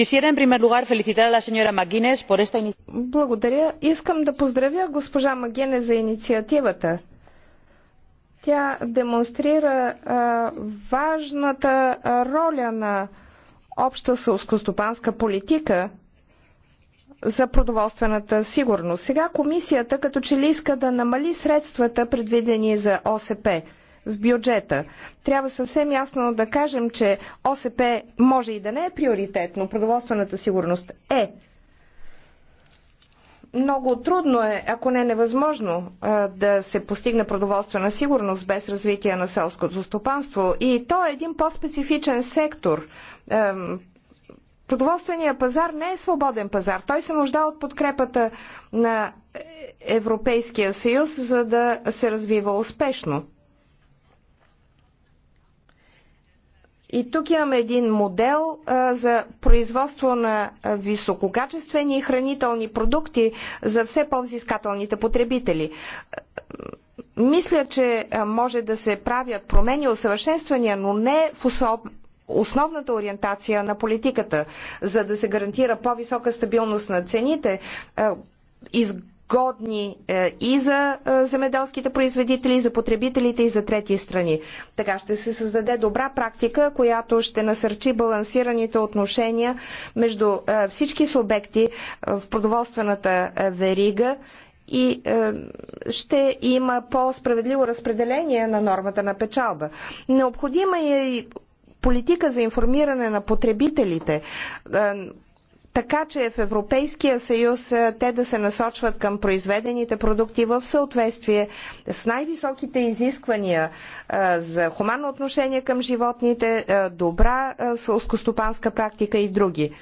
Quisiera en primer lugar felicitar a la señora Магинес por esta iniciativa. Благодаря. Искам да поздравя госпожа Магинес за инициативата. Тя демонстрира а, важната роля на обща сълскостопанска политика за продоволствената сигурност. Сега комисията като че ли иска да намали средствата предвидени за ОСП в бюджета. Трябва съвсем ясно да кажем, че ОСП може и да не е приоритет, но продоволствената сигурност е. Много трудно е, ако не е невъзможно, да се постигне продоволствена сигурност без развитие на селското стопанство. И то е един по-специфичен сектор. Продоволствения пазар не е свободен пазар. Той се нуждае от подкрепата на Европейския съюз, за да се развива успешно. И тук имаме един модел а, за производство на висококачествени хранителни продукти за все по-взискателните потребители. Мисля, че може да се правят промени, усъвършенствания, но не в особ... основната ориентация на политиката, за да се гарантира по-висока стабилност на цените. Из годни е, и за е, земеделските производители, и за потребителите, и за трети страни. Така ще се създаде добра практика, която ще насърчи балансираните отношения между е, всички субекти в продоволствената верига и е, ще има по-справедливо разпределение на нормата на печалба. Необходима е и политика за информиране на потребителите, така че в Европейския съюз е, те да се насочват към произведените продукти в съответствие с най-високите изисквания е, за хуманно отношение към животните, е, добра сълскостопанска практика и други.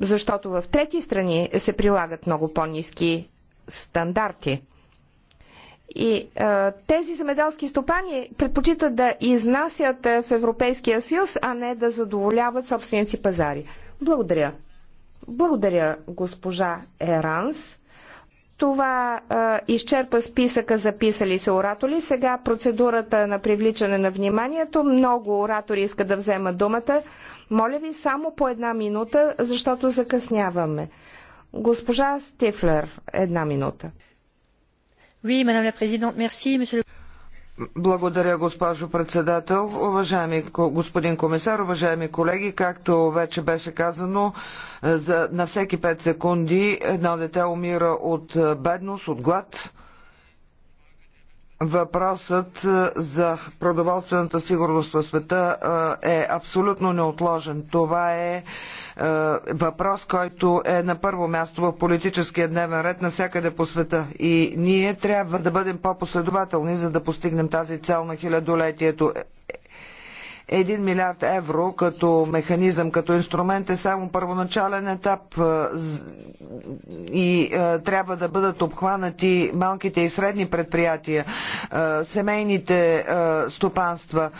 Защото в трети страни се прилагат много по-низки стандарти. И е, тези земеделски стопани предпочитат да изнасят в Европейския съюз, а не да задоволяват си пазари. Благодаря. Благодаря, госпожа Еранс. Това а, изчерпа списъка записали се оратори. Сега процедурата на привличане на вниманието. Много оратори искат да вземат думата. Моля ви само по една минута, защото закъсняваме. Госпожа Стифлер, една минута. Oui, madame la présidente, merci, monsieur le... Благодаря, госпожо председател. Уважаеми господин комисар, уважаеми колеги, както вече беше казано, за, на всеки 5 секунди едно дете умира от е, бедност, от глад. Въпросът е, за продоволствената сигурност в света е, е абсолютно неотложен. Това е, е въпрос, който е на първо място в политическия дневен ред навсякъде по света. И ние трябва да бъдем по-последователни, за да постигнем тази цел на хилядолетието. 1 милиард евро като механизъм, като инструмент е само първоначален етап е, и е, трябва да бъдат обхванати малките и средни предприятия, е, семейните стопанства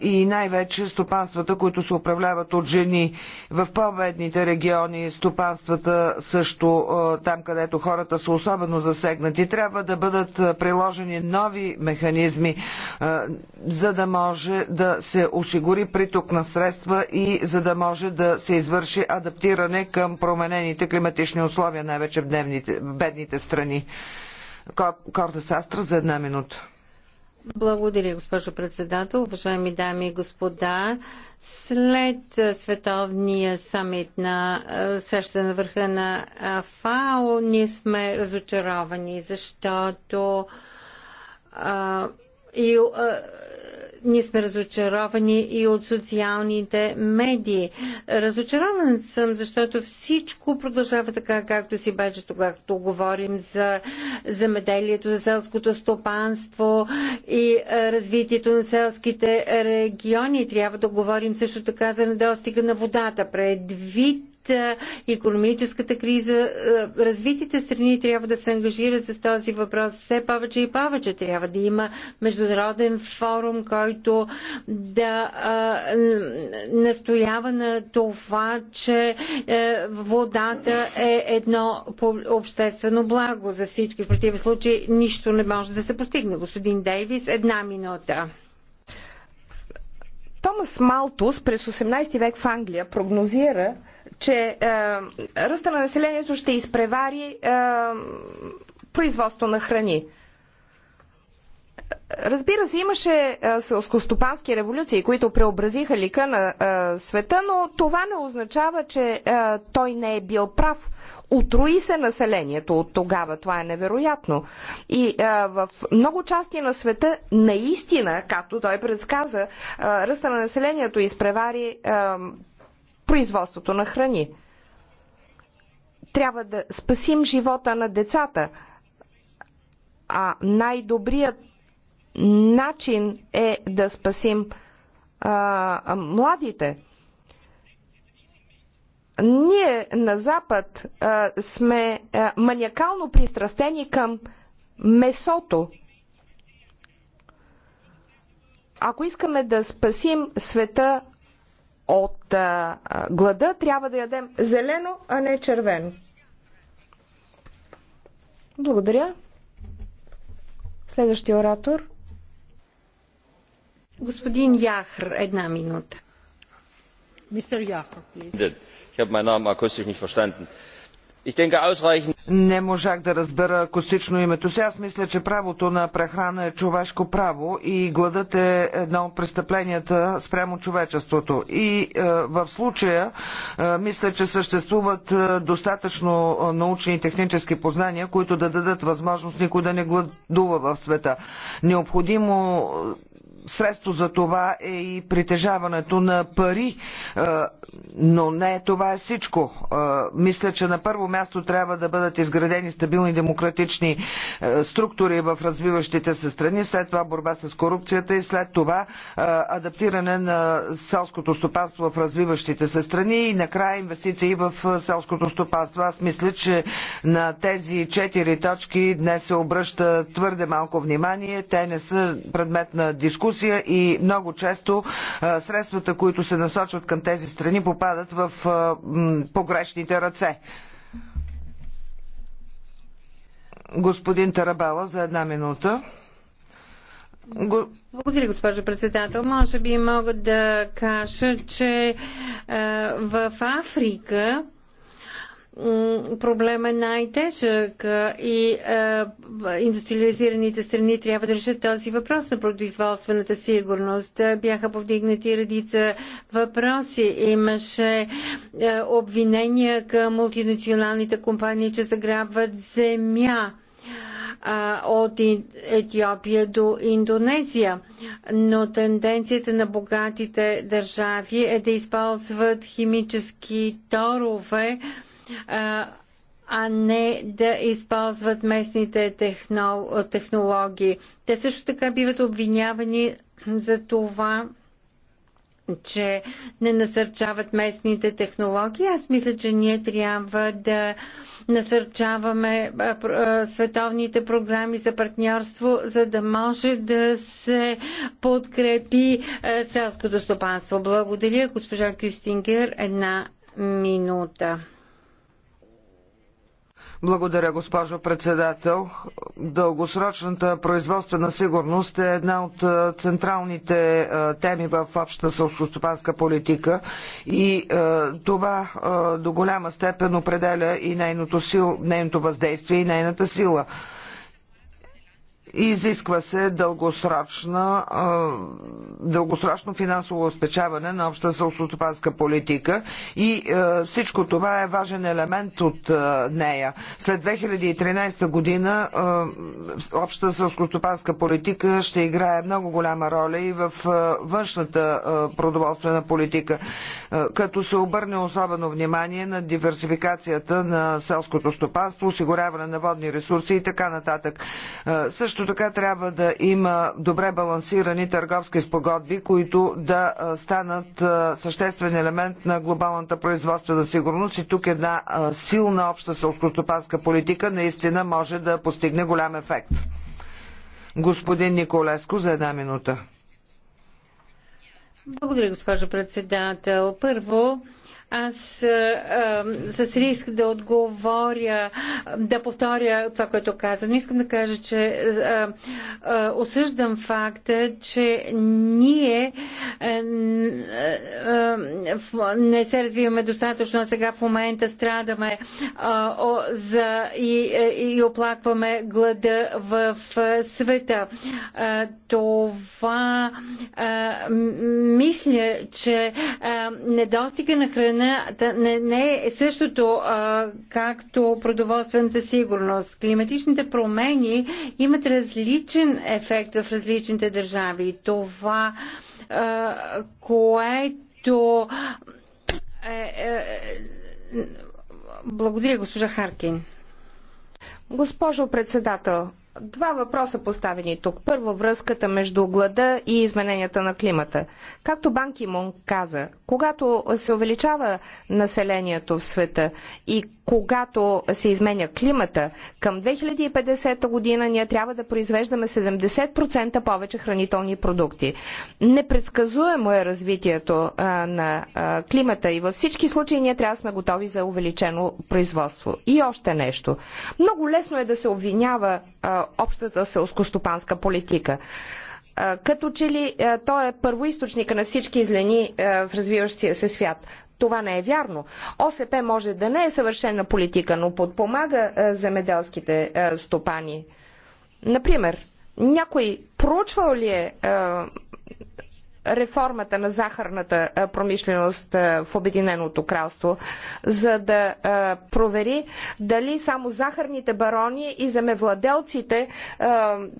и най-вече стопанствата, които се управляват от жени. В по-бедните региони стопанствата също там, където хората са особено засегнати, трябва да бъдат приложени нови механизми, за да може да се осигури приток на средства и за да може да се извърши адаптиране към променените климатични условия, най-вече в, дневните, в бедните страни. Корда Састра за една минута. Благодаря, госпожо председател. Уважаеми дами и господа, след световния самит на среща на върха на ФАО, ние сме разочаровани, защото а, и, а, ние сме разочаровани и от социалните медии. Разочарован съм, защото всичко продължава така, както си беше, когато говорим за замеделието, за селското стопанство и е, развитието на селските региони. Трябва да говорим също така за недостига на водата. Предвид економическата криза, развитите страни трябва да се ангажират с този въпрос все повече и повече. Трябва да има международен форум, който да настоява на това, че водата е едно обществено благо за всички. В противен случай нищо не може да се постигне. Господин Дейвис, една минута. Томас Малтус през 18 век в Англия прогнозира, че е, ръста на населението ще изпревари е, производство на храни. Разбира се, имаше е, селскостопански революции, които преобразиха лика на е, света, но това не означава, че е, той не е бил прав. Отруи се населението от тогава. Това е невероятно. И е, в много части на света, наистина, както той предсказа, е, ръста на населението изпревари е, производството на храни. Трябва да спасим живота на децата, а най-добрият начин е да спасим а, младите. Ние на Запад а, сме а, маниакално пристрастени към месото. Ако искаме да спасим света от а, глада, трябва да ядем зелено, а не червено. Благодаря. Следващия оратор. Господин Яхр, една минута. Мистер Яхр, please. Ich habe meinen Namen akustisch nicht verstanden. Не можах да разбера акустично името си. Аз мисля, че правото на прехрана е човешко право и гладът е едно от престъпленията спрямо човечеството. И е, в случая е, мисля, че съществуват е, достатъчно е, научни и технически познания, които да дадат възможност никой да не гладува в света. Необходимо средство за това е и притежаването на пари, е, но не е това е всичко. Е, мисля, че на първо място трябва да бъдат изградени стабилни демократични структури в развиващите се страни, след това борба с корупцията и след това адаптиране на селското стопанство в развиващите се страни и накрая инвестиции в селското стопанство. Аз мисля, че на тези четири точки днес се обръща твърде малко внимание. Те не са предмет на дискусия Турция и много често средствата, които се насочват към тези страни, попадат в погрешните ръце. Господин Тарабела за една минута. Го... Благодаря, госпожо председател. Може би мога да кажа, че е, в Африка проблем е най-тежък и е, индустриализираните страни трябва да решат този въпрос на производствената сигурност. Бяха повдигнати редица въпроси. Имаше е, обвинения към мултинационалните компании, че заграбват земя от Етиопия до Индонезия. Но тенденцията на богатите държави е да използват химически торове, а не да използват местните технологии. Те също така биват обвинявани за това, че не насърчават местните технологии. Аз мисля, че ние трябва да насърчаваме световните програми за партньорство, за да може да се подкрепи селското стопанство. Благодаря, госпожа Кюстингер. Една минута. Благодаря, госпожо председател. Дългосрочната производствена сигурност е една от централните теми в общата селскостопанска политика и това до голяма степен определя и нейното, сил, нейното въздействие и нейната сила. Изисква се дългосрочно, дългосрочно финансово обеспечаване на обща селсотопанска политика и всичко това е важен елемент от нея. След 2013 година обща селскостопанска политика ще играе много голяма роля и в външната продоволствена политика, като се обърне особено внимание на диверсификацията на селското стопанство, осигуряване на водни ресурси и така нататък. Също също така трябва да има добре балансирани търговски спогодби, които да станат съществен елемент на глобалната производствена сигурност и тук една силна обща селскостопанска политика наистина може да постигне голям ефект. Господин Николеско за една минута. Благодаря, госпожо председател. Първо, аз а, с риск да отговоря, да повторя това, което каза. Но искам да кажа, че а, а, осъждам факта, че ние а, е, е, а, не се развиваме достатъчно, а сега в момента страдаме а, о, за, и, е, и оплакваме глада в, в света. А, това а, мисля, че а, недостига на храна храната не, не е същото, а, както продоволствената сигурност. Климатичните промени имат различен ефект в различните държави. Това, а, което. Е, е, е, благодаря, госпожа Харкин. Госпожо председател, Два въпроса поставени тук. Първо, връзката между глада и измененията на климата. Както Банки Мон каза, когато се увеличава населението в света и когато се изменя климата, към 2050 година ние трябва да произвеждаме 70% повече хранителни продукти. Непредсказуемо е развитието на климата и във всички случаи ние трябва да сме готови за увеличено производство. И още нещо. Много лесно е да се обвинява общата селскостопанска политика като че ли той е първоисточника на всички излени в развиващия се свят това не е вярно. ОСП може да не е съвършена политика, но подпомага е, земеделските е, стопани. Например, някой проучвал ли е, е реформата на захарната промишленост в Обединеното кралство, за да провери дали само захарните барони и земевладелците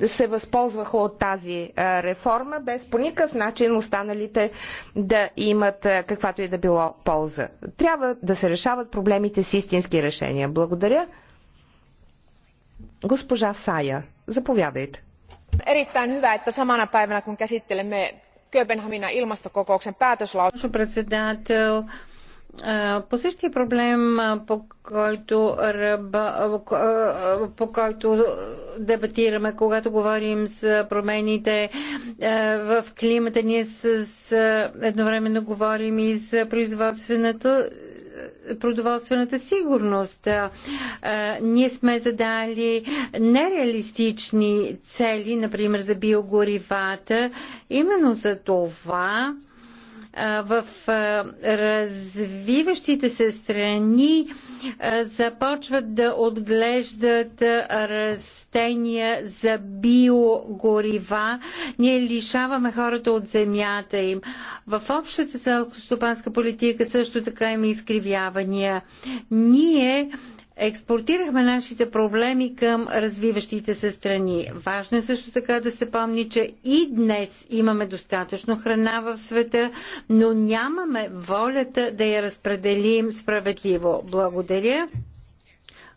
се възползваха от тази реформа, без по никакъв начин останалите да имат каквато и да било полза. Трябва да се решават проблемите с истински решения. Благодаря. Госпожа Сая, заповядайте erittäin hyvä että samana päivänä kun käsittelemme Kööpenhaminan ilmastokokouksen päätöslauselma. По същия проблем, по който, ръба, по който дебатираме, когато говорим за промените в климата, ние с едновременно говорим и за производствената продоволствената сигурност. Ние сме задали нереалистични цели, например за биогоривата. Именно за това в развиващите се страни започват да отглеждат растения за биогорива. Ние лишаваме хората от земята им. В общата селскостопанска политика също така има изкривявания. Ние експортирахме нашите проблеми към развиващите се страни. Важно е също така да се помни, че и днес имаме достатъчно храна в света, но нямаме волята да я разпределим справедливо. Благодаря.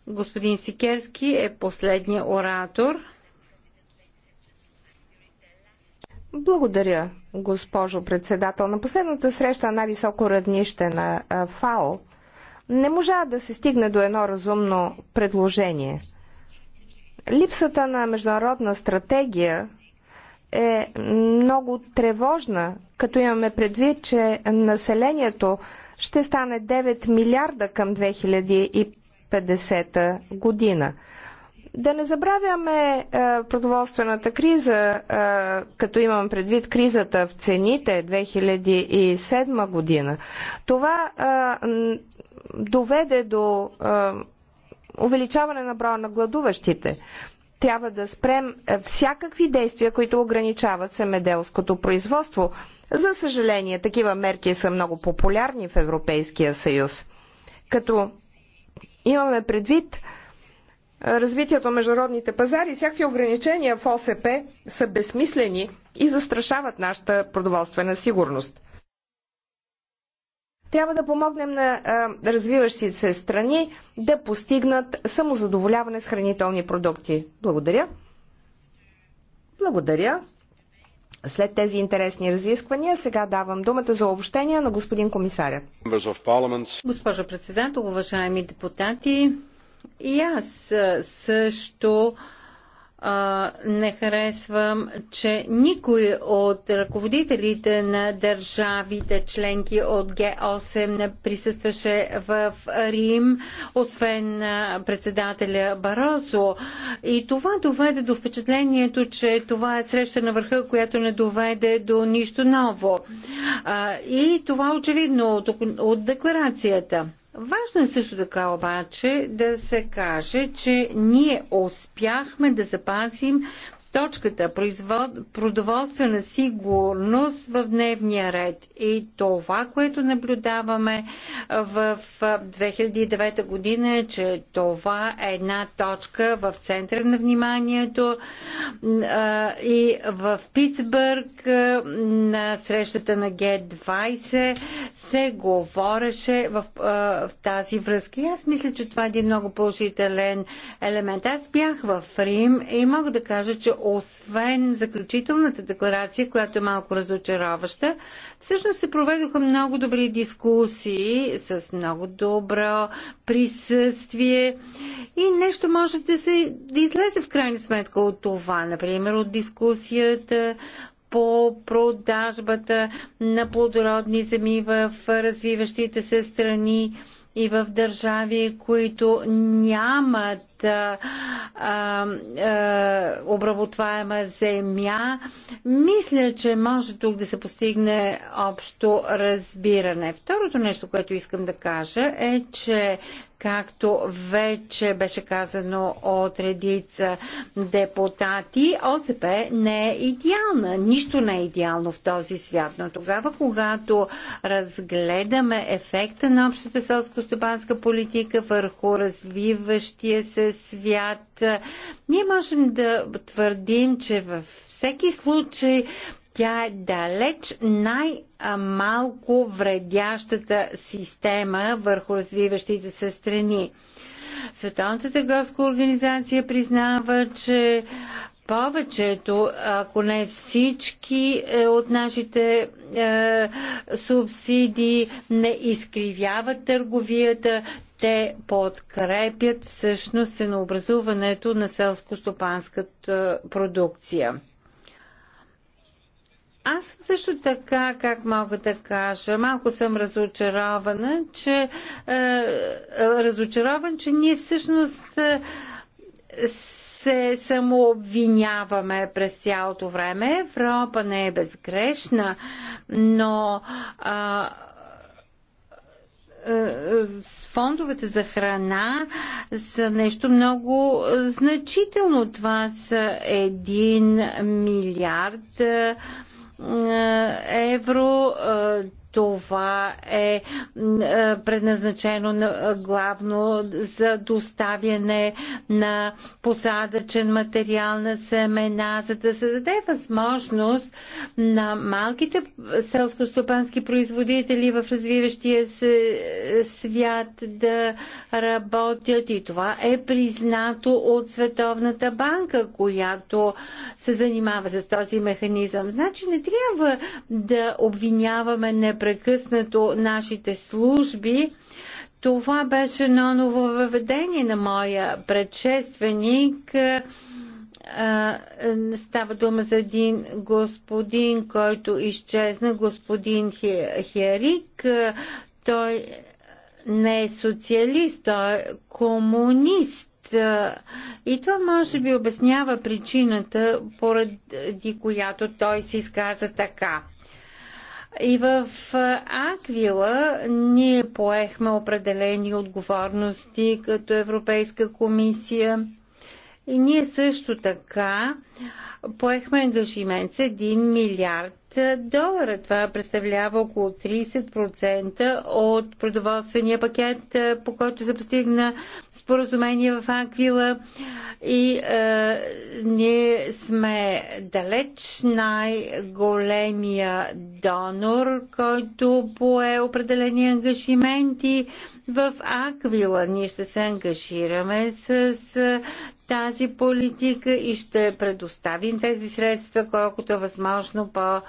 Господин Сикерски е последния оратор. Благодаря, госпожо председател. На последната среща на високо равнище на ФАО не можа да се стигне до едно разумно предложение. Липсата на международна стратегия е много тревожна, като имаме предвид, че населението ще стане 9 милиарда към 2050 година. Да не забравяме е, продоволствената криза, е, като имам предвид кризата в цените 2007 година. Това е, доведе до увеличаване на броя на гладуващите. Трябва да спрем всякакви действия, които ограничават семеделското производство. За съжаление, такива мерки са много популярни в Европейския съюз. Като имаме предвид развитието на международните пазари, всякакви ограничения в ОСП са безсмислени и застрашават нашата продоволствена сигурност. Трябва да помогнем на развиващи развиващите се страни да постигнат самозадоволяване с хранителни продукти. Благодаря. Благодаря. След тези интересни разисквания, сега давам думата за обобщение на господин комисаря. Госпожо председател, уважаеми депутати, и аз също а, не харесвам, че никой от ръководителите на държавите членки от Г8 не присъстваше в Рим, освен председателя Барозо. И това доведе до впечатлението, че това е среща на върха, която не доведе до нищо ново. А, и това очевидно от, от декларацията. Важно е също така обаче да се каже, че ние успяхме да запазим точката производ... продоволствена сигурност в дневния ред. И това, което наблюдаваме в 2009 година е, че това е една точка в центъра на вниманието и в Питсбърг на срещата на Г20 се говореше в, в тази връзка. И аз мисля, че това е един много положителен елемент. Аз бях в Рим и мога да кажа, че освен заключителната декларация, която е малко разочароваща, всъщност се проведоха много добри дискусии с много добро присъствие и нещо може да, се, да излезе в крайна сметка от това, например от дискусията по продажбата на плодородни земи в развиващите се страни и в държави, които нямат а, а, обработваема земя, мисля, че може тук да се постигне общо разбиране. Второто нещо, което искам да кажа е, че както вече беше казано от редица депутати, ОСП не е идеална. Нищо не е идеално в този свят. Но тогава, когато разгледаме ефекта на общата селско-стопанска политика върху развиващия се свят, ние можем да твърдим, че във всеки случай тя е далеч най-малко вредящата система върху развиващите се страни. Световната търговска организация признава, че повечето, ако не всички е, от нашите е, субсидии не изкривяват търговията, те подкрепят всъщност ценообразуването на селско-стопанската е, продукция. Аз също така, как мога да кажа, малко съм разочарована, че е, разочарован, че ние всъщност е, се самообвиняваме през цялото време. Европа не е безгрешна, но а, е, е, фондовете за храна са нещо много значително. Това са 1 милиард. Е, евро това е, е предназначено главно за доставяне на посадъчен материал на семена, за да се даде възможност на малките селско-стопански производители в развиващия се е, свят да работят. И това е признато от Световната банка, която се занимава с този механизъм. Значи не трябва да обвиняваме непредставителите непрекъснато нашите служби. Това беше едно ново въведение на моя предшественик. Става дума за един господин, който изчезна, господин Херик. Той не е социалист, той е комунист. И това може би обяснява причината, поради която той се изказа така. И в Аквила ние поехме определени отговорности като Европейска комисия. И ние също така поехме ангажимент с 1 милиард долара. Това представлява около 30% от продоволствения пакет, по който се постигна споразумение в Анквила. И е, ние сме далеч най-големия донор, който пое определени ангажименти в Аквила. Ние ще се ангажираме с тази политика и ще предоставим тези средства колкото е възможно по-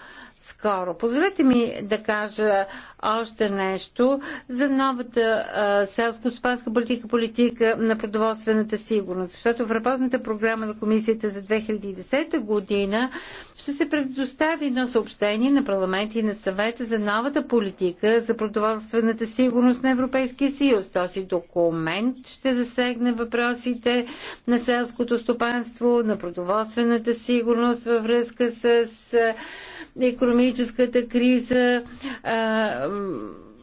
скоро. Позволете ми да кажа още нещо за новата селско-стопанска политика, политика на продоволствената сигурност, защото в работната програма на комисията за 2010 година ще се предостави едно съобщение на парламента и на съвета за новата политика за продоволствената сигурност на Европейския съюз. Този документ ще засегне въпросите на селското стопанство, на продоволствената сигурност във връзка с економическата криза,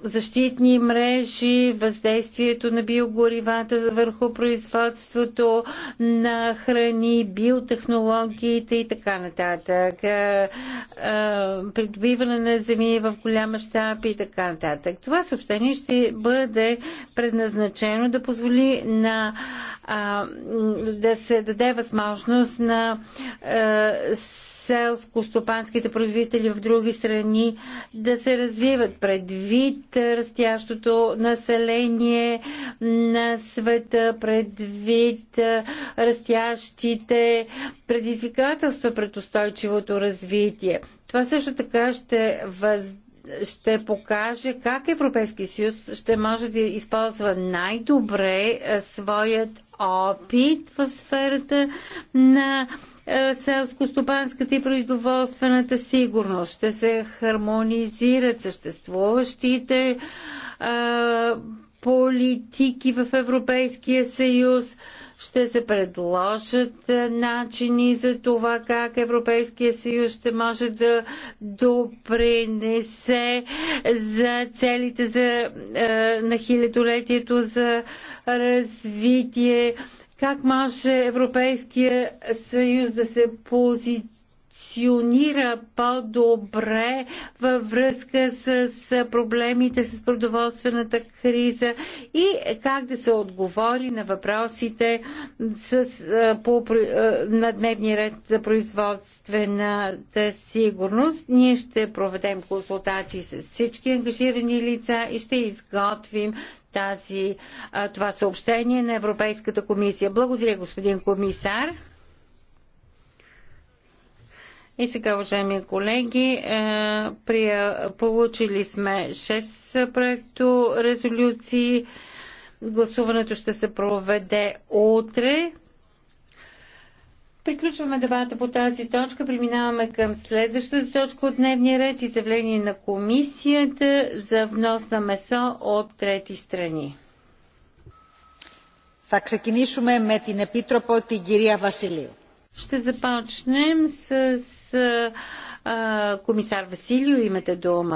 защитни мрежи, въздействието на биогоривата върху производството на храни, биотехнологиите и така нататък, придобиване на земи в голяма щаб и така нататък. Това съобщение ще бъде предназначено да позволи на да се даде възможност на селско-стопанските производители в други страни да се развиват предвид растящото население на света, предвид растящите предизвикателства пред устойчивото развитие. Това също така ще въз ще покаже как Европейския съюз ще може да използва най-добре своят опит в сферата на е, селско-стопанската и производствената сигурност. Ще се хармонизират съществуващите а, е, политики в Европейския съюз. Ще се предложат е, начини за това как Европейския съюз ще може да допринесе за целите за, на хилядолетието за развитие как може Европейския съюз да се позиционира по-добре във връзка с проблемите с продоволствената криза и как да се отговори на въпросите с, по, е, на дневния ред за производствената сигурност. Ние ще проведем консултации с всички ангажирани лица и ще изготвим тази, това съобщение на Европейската комисия. Благодаря, господин комисар. И сега, уважаеми колеги, получили сме 6 проекто резолюции. Гласуването ще се проведе утре. Приключваме дебата по тази точка. Преминаваме към следващата точка от дневния ред. Изявление на комисията за внос на месо от трети страни. Θα ξεκινήσουμε με την Επίτροπο την κυρία Βασιλείου. Ще започнем с, комисар Василио. Имате дума.